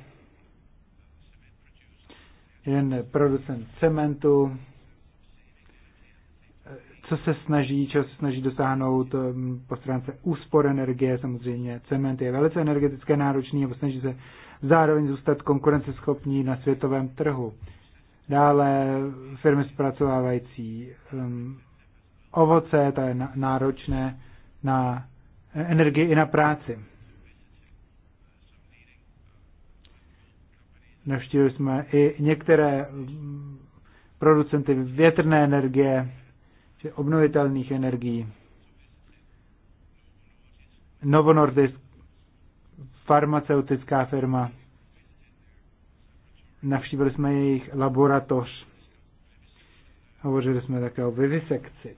Jeden producent cementu, eh, co se snaží, co se snaží dosáhnout ehm, po stránce úspor energie, samozřejmě cement je velice energetické náročný, a snaží se zároveň zůstat konkurenceschopní na světovém trhu. Dále firmy zpracovávající um, ovoce, to je náročné na eh, energii i na práci. Navštívili jsme i některé mm, producenty větrné energie, či obnovitelných energií. Novonordisk, farmaceutická firma. Navštívili jsme jejich laboratoř. Hovořili jsme také o vivisekci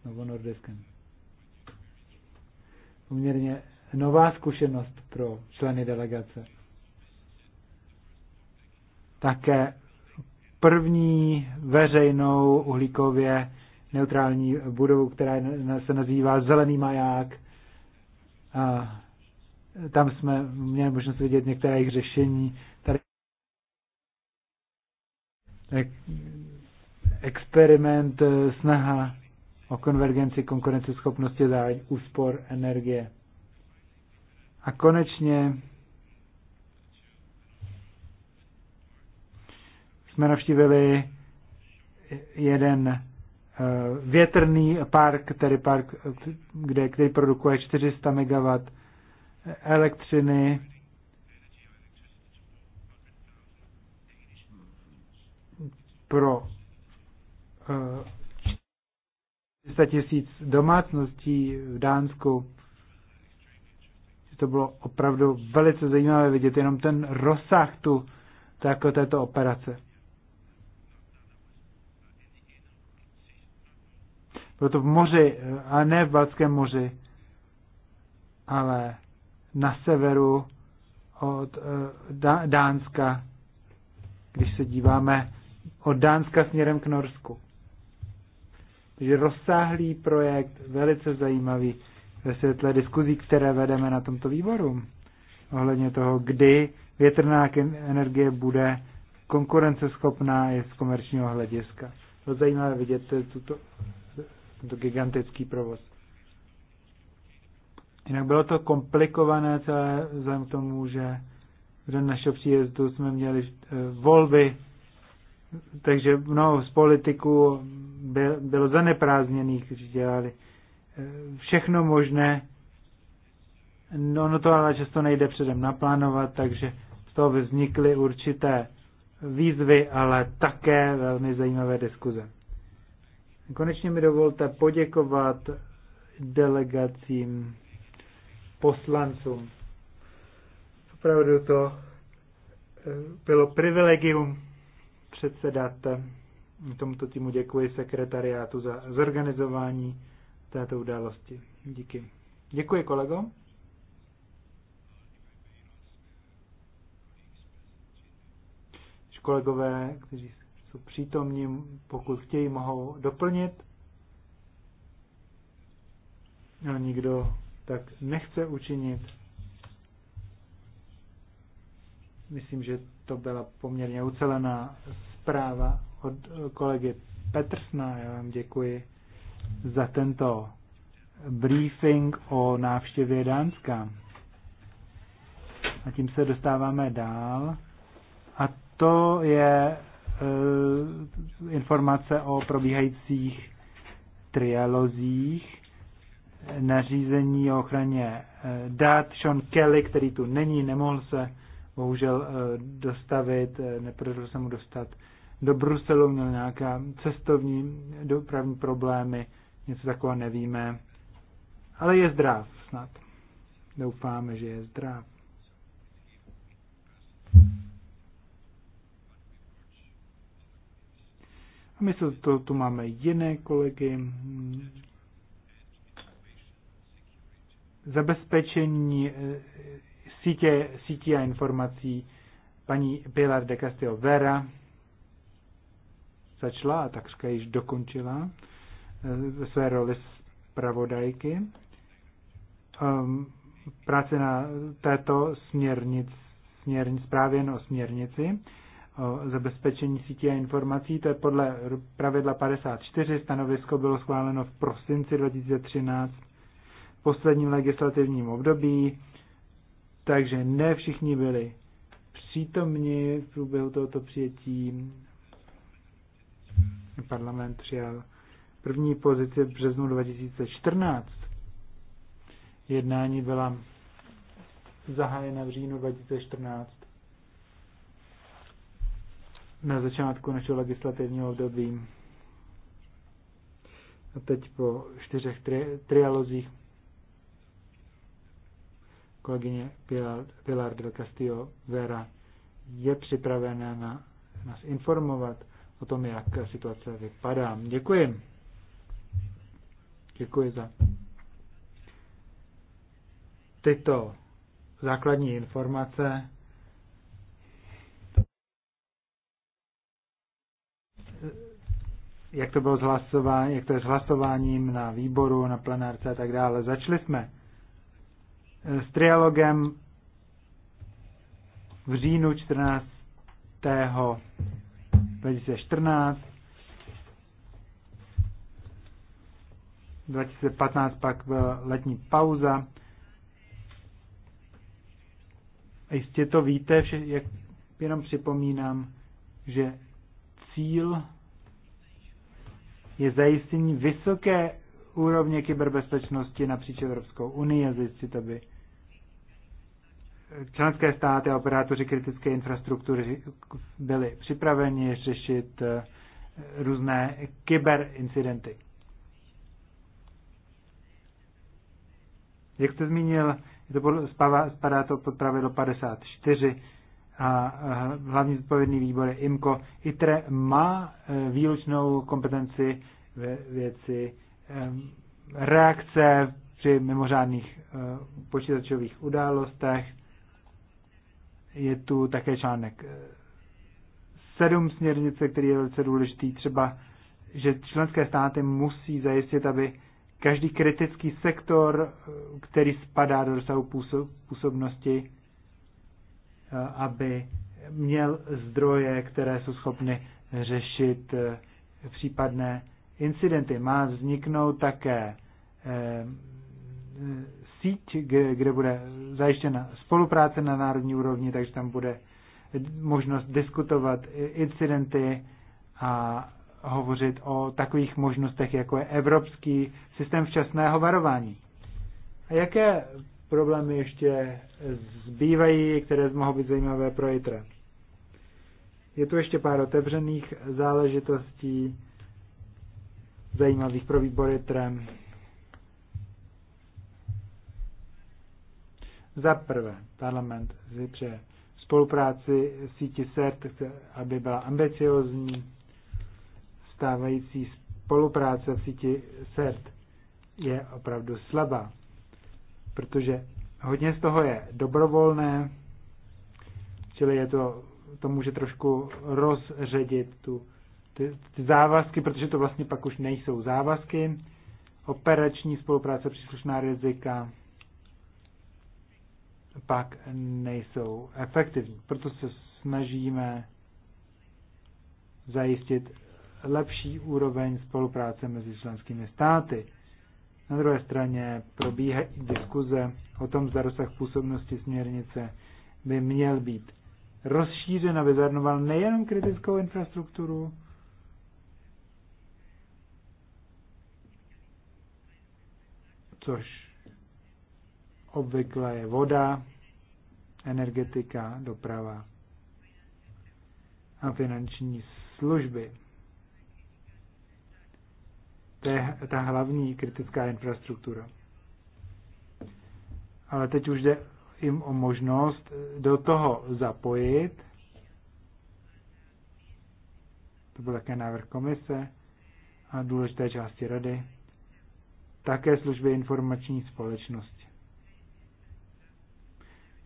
s Novonordiskem. Poměrně nová zkušenost pro členy delegace také první veřejnou uhlíkově neutrální budovu, která se nazývá Zelený maják. A tam jsme měli možnost vidět některé jejich řešení. Tady experiment, eh, snaha o konvergenci konkurenceschopnosti zároveň úspor energie. A konečně jsme navštívili jeden eh, větrný park, tedy park, kde, který produkuje 400 MW elektřiny. pro 100 eh, tisíc domácností v Dánsku. To bylo opravdu velice zajímavé vidět jenom ten rozsah tu, jako této operace. Bylo to v moři, eh, a ne v Balckém moři, ale na severu od eh, Dánska, když se díváme od Dánska směrem k Norsku. Takže rozsáhlý projekt, velice zajímavý ve světle diskuzí, které vedeme na tomto výboru ohledně toho, kdy větrná energie bude konkurenceschopná i z komerčního hlediska. To zajímavé vidět tuto tento gigantický provoz. Jinak bylo to komplikované celé vzhledem k tomu, že den našeho příjezdu jsme měli eh, volby, takže mnoho z politiků bylo zaneprázdněných, kteří dělali eh, všechno možné. No, no to ale často nejde předem naplánovat, takže z toho by vznikly určité výzvy, ale také velmi zajímavé diskuze. Konečně mi dovolte poděkovat delegacím, poslancům. Opravdu to eh, bylo privilegium předsedat eh, tomuto týmu. Děkuji sekretariátu za zorganizování této události. Díky. Děkuji, kolego. Kolegové, kteří jsou přítomní, pokud chtějí, mohou doplnit. A nikdo tak nechce učinit. Myslím, že to byla poměrně ucelená zpráva od kolegy Petrsna. Já vám děkuji za tento briefing o návštěvě Dánska. A tím se dostáváme dál. A to je Eh, informace o probíhajících trialozích, nařízení o ochraně eh, dat. Sean Kelly, který tu není, nemohl se bohužel eh, dostavit, nepodařilo se mu dostat do Bruselu, měl nějaká cestovní dopravní problémy, něco takového nevíme. Ale je zdrav snad. Doufáme, že je zdrav. My se to, tu máme jiné kolegy. Zabezpečení eh, sítě, sítí a informací paní Pilar de Castillo Vera začala a takřka již dokončila eh, své roli zpravodajky. Ehm, práce na této směrnic, směrnic, právě o směrnici o zabezpečení sítě a informací. To je podle pravidla 54. Stanovisko bylo schváleno v prosinci 2013 v posledním legislativním období, takže ne všichni byli přítomni v průběhu tohoto přijetí. Parlament přijal první pozici v březnu 2014. Jednání byla zahájena v říjnu 2014 na začátku našeho legislativního období. A teď po čtyřech tri- trialozích kolegyně Pilar, Pilar del Castillo Vera je připravená na, nás informovat o tom, jak situace vypadá. Děkuji. Děkuji za tyto základní informace jak to bylo s jak to je s hlasováním na výboru, na plenárce a tak dále. Začali jsme eh, s trialogem v říjnu 14. 2014. 2015 pak byla letní pauza. A jistě to víte, vše, jak jenom připomínám, že cíl je zajištění vysoké úrovně kyberbezpečnosti napříč Evropskou unii a zjistit, aby členské státy a operátoři kritické infrastruktury byli připraveni řešit eh, různé kyberincidenty. Jak jste zmínil, to spadá to pod pravidlo 54 a eh, hlavní zodpovědný výbor je IMCO. ITRE má eh, výlučnou kompetenci ve věci reakce při mimořádných eh, počítačových událostech. Je tu také článek sedm směrnice, který je velice důležitý, třeba, že členské státy musí zajistit, aby každý kritický sektor, který spadá do dosahu působnosti, aby měl zdroje, které jsou schopny řešit eh, případné incidenty. Má vzniknout také eh, eh, síť, kde bude zajištěna spolupráce na národní úrovni, takže tam bude možnost diskutovat incidenty a hovořit o takových možnostech, jako je evropský systém včasného varování. A jaké problémy ještě zbývají, které mohou být zajímavé pro ITRE. Je tu ještě pár otevřených záležitostí zajímavých pro výbor ITRE. Za prvé, parlament si spolupráci síti CERT, aby byla ambiciozní, stávající spolupráce v síti CERT je opravdu slabá protože hodně z toho je dobrovolné, čili je to, to může trošku rozředit tu, ty, ty závazky, protože to vlastně pak už nejsou závazky, operační spolupráce, příslušná rizika, pak nejsou efektivní. Proto se snažíme zajistit lepší úroveň spolupráce mezi členskými státy. Na druhé straně probíhají diskuze o tom, zda rozsah působnosti směrnice by měl být rozšířen, aby zahrnoval nejenom kritickou infrastrukturu, což obvykle je voda, energetika, doprava a finanční služby to je ta hlavní kritická infrastruktura. Ale teď už jde jim o možnost do toho zapojit. To byl také návrh komise a důležité části rady. Také služby informační společnosti.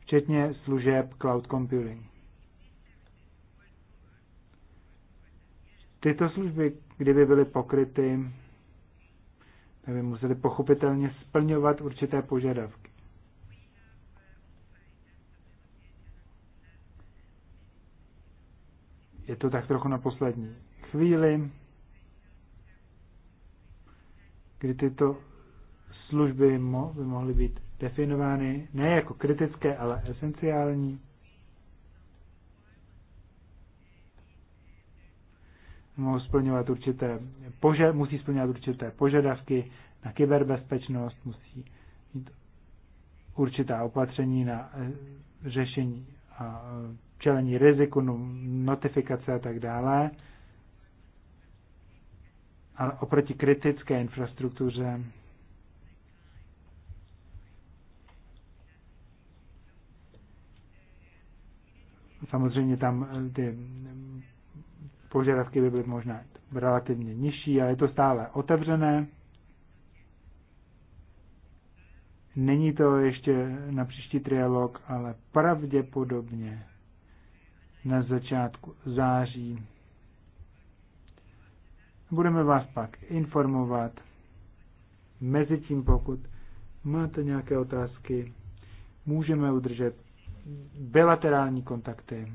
Včetně služeb cloud computing. Tyto služby, kdyby byly pokryty by museli pochopitelně splňovat určité požadavky. Je to tak trochu na poslední chvíli, kdy tyto služby by mohly být definovány ne jako kritické, ale esenciální. mohou splňovat určité pože, musí splňovat určité požadavky na kyberbezpečnost, musí mít určitá opatření na eh, řešení a eh, čelení riziku, no, notifikace a tak dále. Ale oproti kritické infrastruktuře samozřejmě tam eh, ty požadavky by byly možná relativně nižší, ale je to stále otevřené. Není to ještě na příští trialog, ale pravděpodobně na začátku září. Budeme vás pak informovat. Mezitím, pokud máte nějaké otázky, můžeme udržet bilaterální kontakty.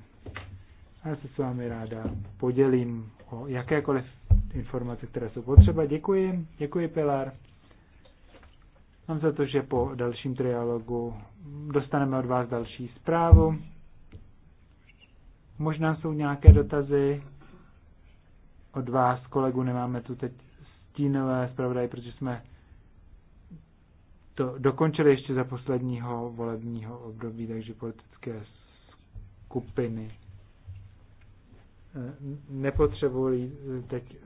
Já se s vámi ráda podělím o jakékoliv informace, které jsou potřeba. Děkuji, děkuji Pilar. Mám za to, že po dalším trialogu dostaneme od vás další zprávu. Možná jsou nějaké dotazy od vás, kolegu, nemáme tu teď stínové zpravodaj, protože jsme to dokončili ještě za posledního volebního období, takže politické skupiny nepotřebují teď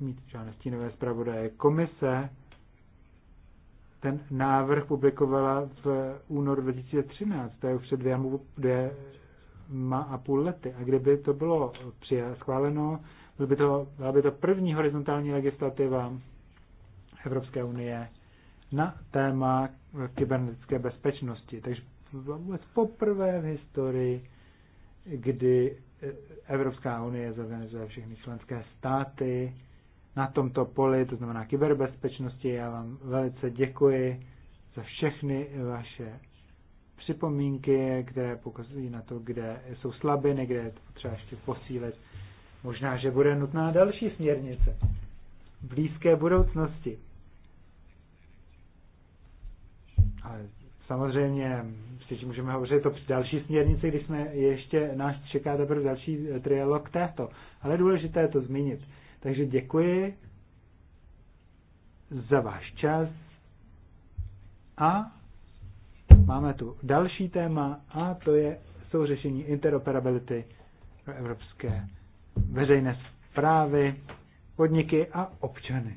mít žádné stínové zpravodaje. Komise ten návrh publikovala v únoru 2013, to je už před dvěma a půl lety. A kdyby to bylo přijá, schváleno, byl by to, byla by to první horizontální legislativa Evropské unie na téma kybernetické bezpečnosti. Takže vůbec poprvé v historii, kdy Evropská unie zorganizuje všechny členské státy na tomto poli, to znamená kyberbezpečnosti. Já vám velice děkuji za všechny vaše připomínky, které pokazují na to, kde jsou slabiny, kde je potřeba ještě posílit. Možná, že bude nutná další směrnice v blízké budoucnosti. Ale Samozřejmě, si můžeme hovořit o další směrnici, když jsme ještě nás čeká teprve další eh, trialog této. Ale důležité je to zmínit. Takže děkuji za váš čas a máme tu další téma a to je souřešení řešení interoperability pro evropské veřejné zprávy, podniky a občany.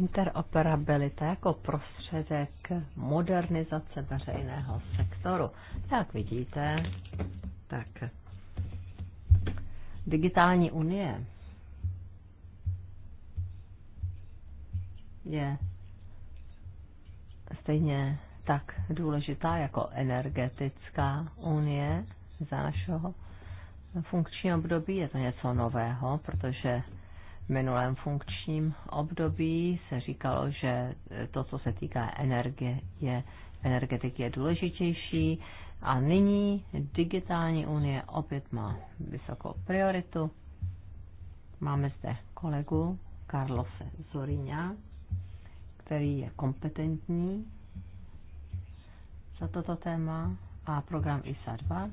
interoperabilita jako prostředek modernizace veřejného sektoru. Jak vidíte, tak digitální unie je stejně tak důležitá jako energetická unie za našeho funkční období. Je to něco nového, protože minulém funkčním období se říkalo, že to, co se týká energie, je, energetiky je důležitější a nyní digitální unie opět má vysokou prioritu. Máme zde kolegu Karlose Zorina, který je kompetentní za toto téma a program ISA 2,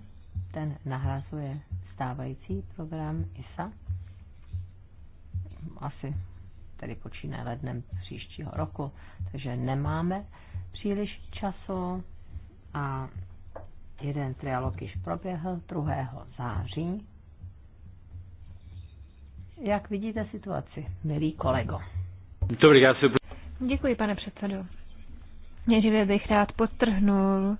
ten nahrazuje stávající program ISA asi tedy počíná lednem příštího roku, takže nemáme příliš času a jeden trialog již proběhl 2. září. Jak vidíte situaci, milý kolego? Dobrý Děkuji, pane předsedo. Nejdříve bych rád podtrhnul,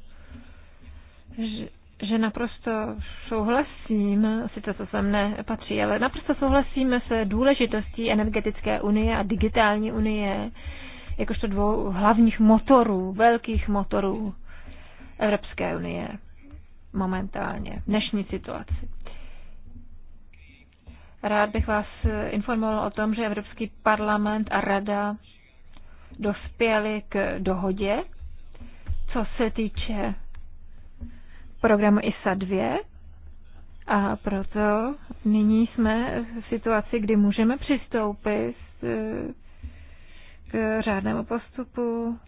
že že naprosto souhlasím, sice to sem nepatří, ale naprosto souhlasím se důležitostí energetické unie a digitální unie jakožto dvou hlavních motorů, velkých motorů Evropské unie momentálně, v dnešní situaci. Rád bych vás informoval o tom, že Evropský parlament a rada dospěli k dohodě, co se týče programu ISA 2 a proto nyní jsme v situaci, kdy můžeme přistoupit eh, k řádnému postupu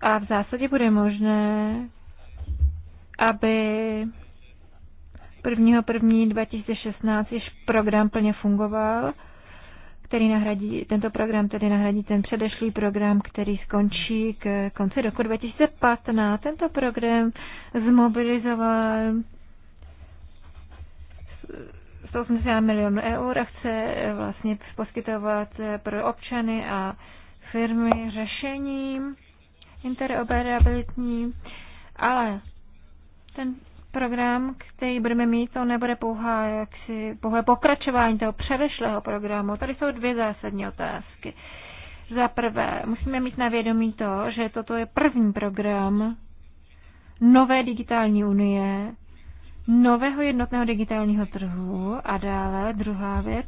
a v zásadě bude možné, aby 1.1.2016 již program plně fungoval který nahradí, tento program tedy nahradí ten předešlý program, který skončí k konci roku 2015. Tento program zmobilizoval 180 milionů eur a chce eh, vlastně poskytovat eh, pro občany a firmy řešení interoperabilitní, ale ten program, který budeme mít, to nebude pouhá, jaksi, pouhé pokračování toho předešlého programu. Tady jsou dvě zásadní otázky. Za prvé, musíme mít na vědomí to, že toto je první program nové digitální unie, nového jednotného digitálního trhu a dále druhá věc.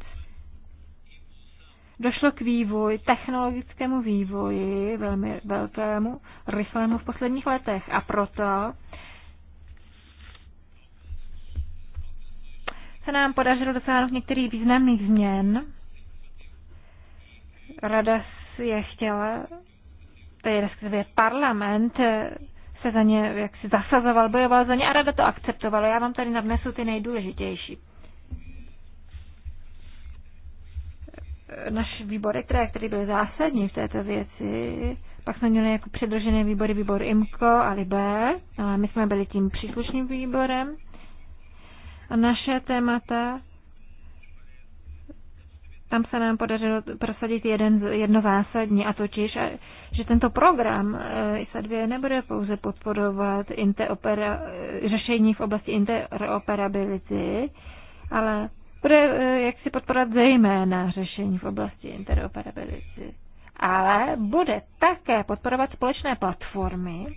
Došlo k vývoji, technologickému vývoji, velmi velkému, rychlému v posledních letech a proto se nám podařilo dosáhnout některých významných změn. Rada je chtěla, je respektive parlament, se za ně jak si zasazoval, bojoval za ně a rada to akceptovala. Já vám tady nadnesu ty nejdůležitější. Naš výbory, které, které byly zásadní v této věci, pak jsme měli jako předložené výbory výbor Imko a LIBE, no ale my jsme byli tím příslušným výborem. A naše témata, tam se nám podařilo prosadit jeden, jedno zásadní, a totiž, že tento program e, ISA 2 nebude pouze podporovat interopera, e, řešení v oblasti interoperability, ale bude e, jak si podporovat zejména řešení v oblasti interoperability. Ale bude také podporovat společné platformy,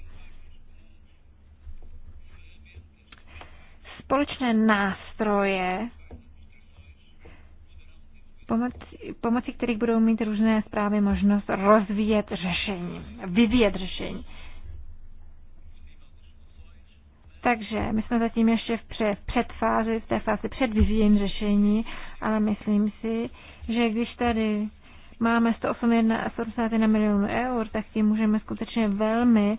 společné nástroje, pomocí, pomocí kterých budou mít různé zprávy možnost rozvíjet řešení, vyvíjet řešení. Takže my jsme zatím ještě v, pře- v předfázi, v té fázi před vyvíjením řešení, ale myslím si, že když tady máme 181 milionů eur, tak tím můžeme skutečně velmi uh,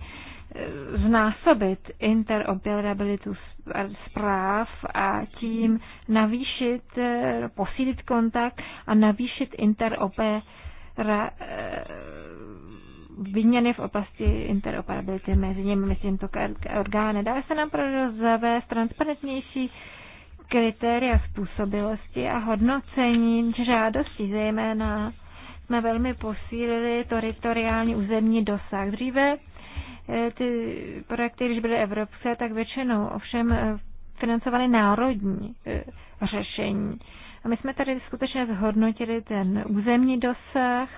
znásobit interoperabilitu zpráv a tím navýšit, eh, posílit kontakt a navýšit interopera eh, výměny v oblasti interoperability mezi nimi, mezi těmito orgány. Dá se nám pro zavést transparentnější kritéria způsobilosti a hodnocení žádostí, zejména jsme velmi posílili teritoriální územní dosah. Dříve Eh, ty projekty, když byly evropské, tak většinou ovšem eh, financovali národní eh, řešení. A my jsme tady skutečně zhodnotili ten územní dosah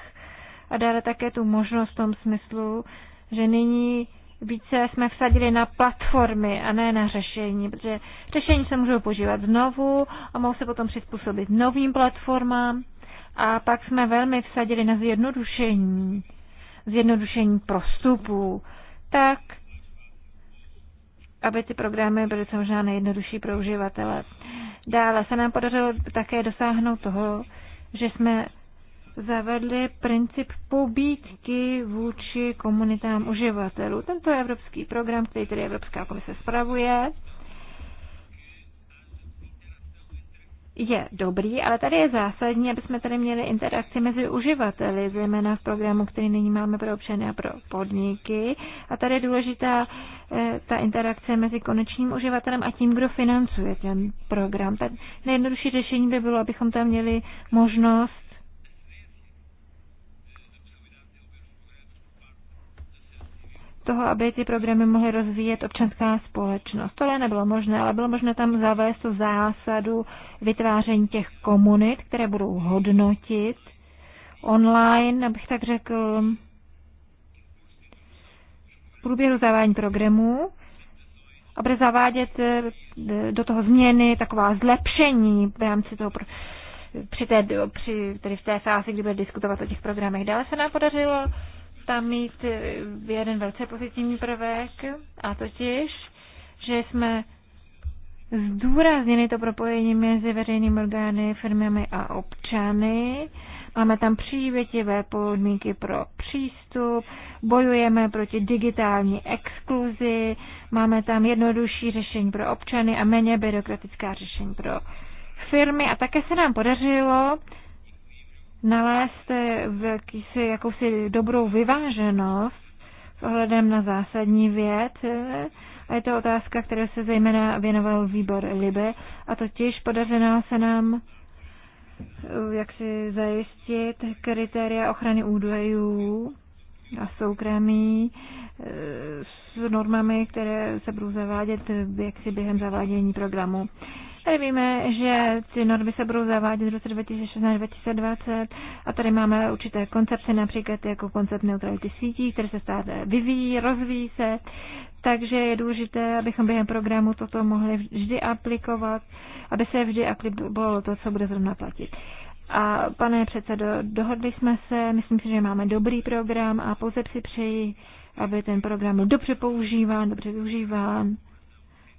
a dále také tu možnost v tom smyslu, že nyní více jsme vsadili na platformy a ne na řešení, protože řešení se můžou používat znovu a mohou se potom přizpůsobit novým platformám. A pak jsme velmi vsadili na zjednodušení, zjednodušení prostupů tak, aby ty programy byly co možná nejjednodušší pro uživatele. Dále se nám podařilo také dosáhnout toho, že jsme zavedli princip pobídky vůči komunitám uživatelů. Tento evropský program, který tedy Evropská komise spravuje, je dobrý, ale tady je zásadní, aby jsme tady měli interakci mezi uživateli, zejména v programu, který nyní máme pro občany a pro podniky. A tady je důležitá eh, ta interakce mezi konečným uživatelem a tím, kdo financuje ten program. Tak nejjednodušší řešení by bylo, abychom tam měli možnost toho, aby ty programy mohly rozvíjet občanská společnost. Tohle nebylo možné, ale bylo možné tam zavést zásadu vytváření těch komunit, které budou hodnotit online, abych tak řekl, v průběhu zavádění programů a bude zavádět eh, do toho změny, taková zlepšení v rámci toho při té, při, tedy v té fázi, kdy bude diskutovat o těch programech. Dále se nám podařilo tam mít eh, jeden velice pozitivní prvek, a totiž, že jsme zdůrazněny to propojení mezi veřejnými orgány, firmami a občany. Máme tam přívětivé podmínky pro přístup, bojujeme proti digitální exkluzi, máme tam jednodušší řešení pro občany a méně byrokratická řešení pro firmy. A také se nám podařilo nalézt v jakýsi, jakousi dobrou vyváženost s ohledem na zásadní věc, a je to otázka, které se zejména věnoval výbor Libe, a totiž podařilo se nám eh, jak si zajistit kritéria ochrany údajů a soukromí eh, s normami, které se budou zavádět eh, jak si během zavádění programu. Tady víme, že ty normy se budou zavádět v roce 2016-2020 a tady máme určité koncepce, například jako koncept neutrality sítí, které se stále vyvíjí, rozvíjí se, takže je důležité, abychom během programu toto mohli vždy aplikovat, aby se vždy aplikovalo to, co bude zrovna platit. A pane předsedo, dohodli jsme se, myslím si, že máme dobrý program a pouze si přeji, aby ten program byl dobře používán, dobře využíván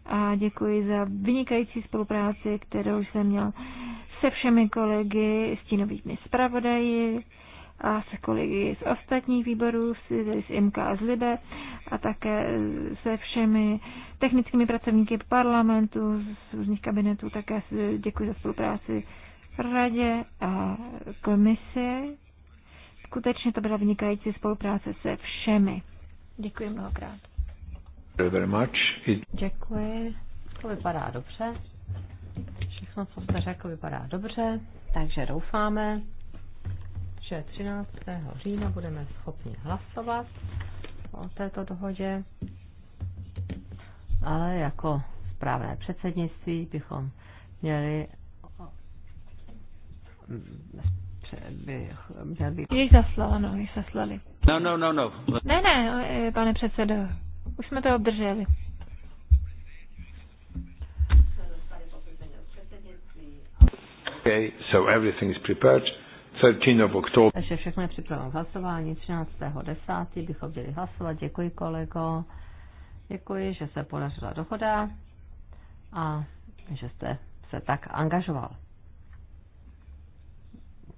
a děkuji za vynikající spolupráci, kterou jsem měl se všemi kolegy, s stínovými zpravodaji a se kolegy z ostatních výborů, z IMK a z LIBE a také se všemi technickými pracovníky parlamentu, z různých kabinetů, také děkuji za spolupráci radě a komisi. Skutečně to byla vynikající spolupráce se všemi. Děkuji mnohokrát. Very much. It... Děkuji. To vypadá dobře. Všechno, co jste řekl, vypadá dobře. Takže doufáme, že 13. října budeme schopni hlasovat o této dohodě. Ale jako správné předsednictví bychom měli bych měl by... Již zaslala, no, již zaslali. No, no, no, no. Ne, ne, pane předsedo, už jsme to obdrželi. Okay, so everything is prepared. 13 of October. Takže všechno je připraveno hlasování. hlasování. 13.10. bychom měli hlasovat. Děkuji, kolego. Děkuji, že se podařila dohoda a že jste se tak angažoval.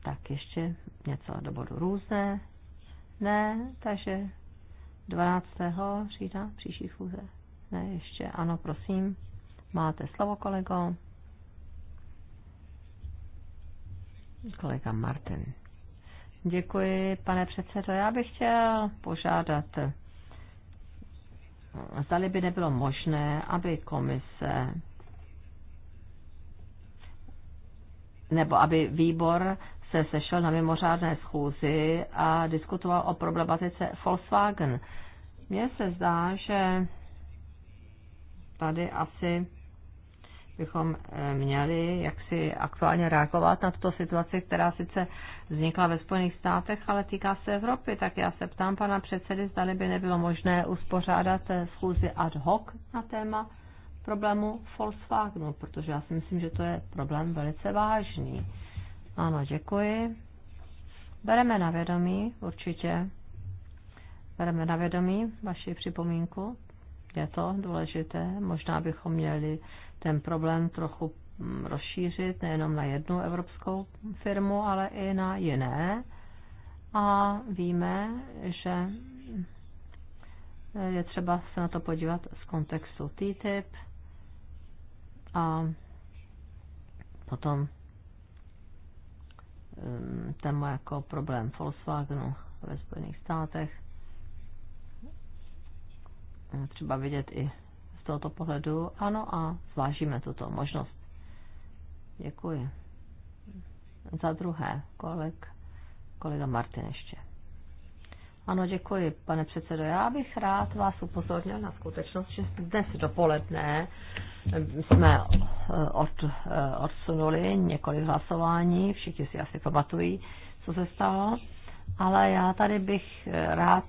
Tak ještě něco do bodu různé. Ne, takže 12. října příští schůze? Ne, ještě. Ano, prosím. Máte slovo, kolego. Kolega Martin. Děkuji, pane předsedo. Já bych chtěl požádat, zdali by nebylo možné, aby komise nebo aby výbor se sešel na mimořádné schůzi a diskutoval o problematice Volkswagen. Mně se zdá, že tady asi bychom eh, měli jaksi aktuálně reagovat na tuto situaci, která sice vznikla ve Spojených státech, ale týká se Evropy. Tak já se ptám pana předsedy, zda by nebylo možné uspořádat eh, schůzi ad hoc na téma problému Volkswagenu, protože já si myslím, že to je problém velice vážný. Ano, děkuji. Bereme na vědomí, určitě. Bereme na vědomí vaši připomínku. Je to důležité. Možná bychom měli ten problém trochu mm, rozšířit nejenom na jednu evropskou firmu, ale i na jiné. A víme, že je třeba se na to podívat z kontextu TTIP a potom Ehm, téma jako problém Volkswagenu ve Spojených státech. Ehm, třeba vidět i z tohoto pohledu. Ano a zvážíme tuto možnost. Děkuji. Za druhé, kolik, kolega Martin ještě. Ano, děkuji, pane předsedo. Já bych rád vás upozornil na skutečnost, že dnes dopoledne jsme eh, od, eh, odsunuli několik hlasování, všichni si asi pamatují, co se stalo, ale já tady bych eh, rád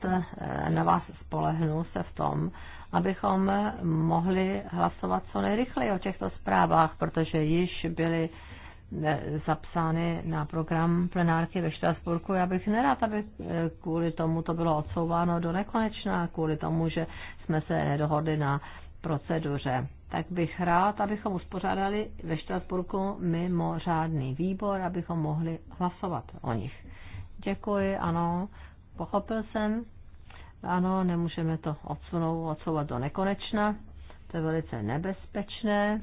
na vás spolehnul se v tom, abychom mohli hlasovat co nejrychleji o těchto zprávách, protože již byly zapsány na program plenárky ve Štrasburku. Já bych nerád, aby eh, kvůli tomu to bylo odsouváno do nekonečna, kvůli tomu, že jsme se nedohodli na proceduře. Tak bych rád, abychom uspořádali ve Štrasburku mimořádný výbor, abychom mohli hlasovat o nich. Děkuji, ano, pochopil jsem. Ano, nemůžeme to odsunout, odsouvat do nekonečna. To je velice nebezpečné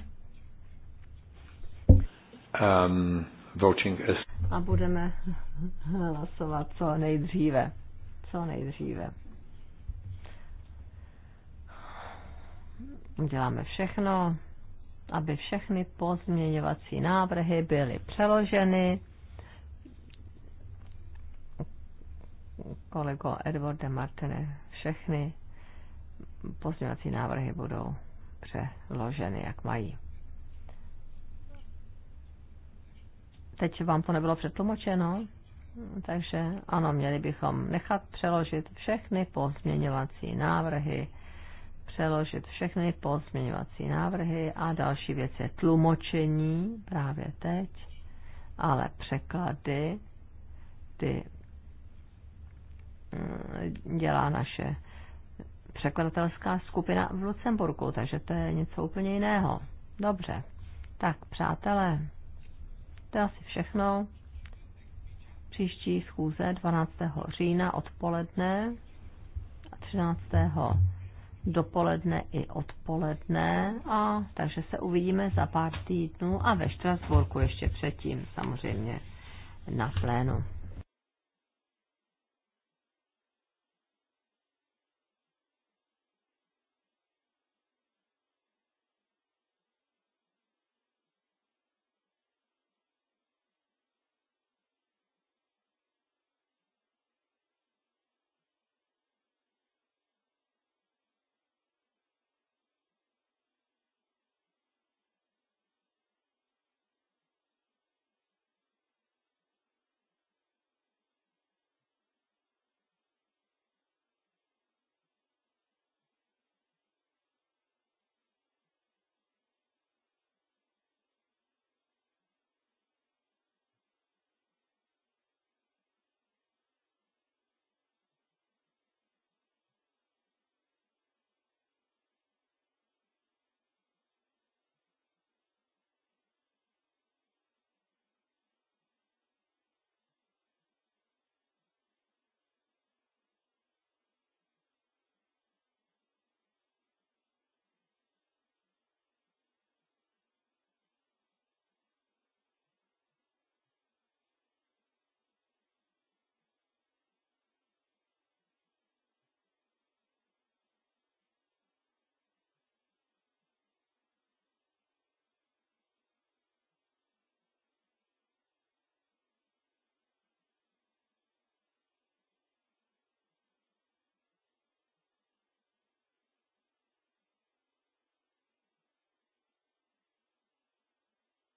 um, voting is... A budeme hlasovat co nejdříve. Co nejdříve. Uděláme všechno, aby všechny pozměňovací návrhy byly přeloženy. Kolego Edwarde Martine, všechny pozměňovací návrhy budou přeloženy, jak mají. Teď vám to nebylo přetlumočeno, takže ano, měli bychom nechat přeložit všechny pozměňovací návrhy, přeložit všechny pozměňovací návrhy a další věc je tlumočení právě teď, ale překlady ty mm, dělá naše překladatelská skupina v Lucemburku, takže to je něco úplně jiného. Dobře, tak přátelé, to je asi všechno. Příští schůze 12. října odpoledne a 13. dopoledne i odpoledne. A takže se uvidíme za pár týdnů a ve Štrasburku ještě předtím samozřejmě na plénu.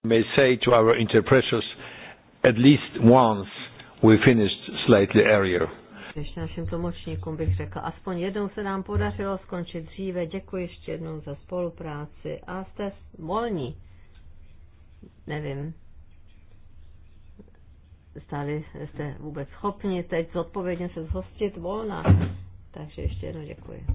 may say to our interpreters at least once we finished slightly earlier. Ještě našim tlumočníkům bych aspoň jednou se nám podařilo skončit dříve. Děkuji ještě jednou za spolupráci a jste volní. Nevím. Stáli jste vůbec schopni teď zodpovědně se zhostit volna. Takže ještě jednou děkuji.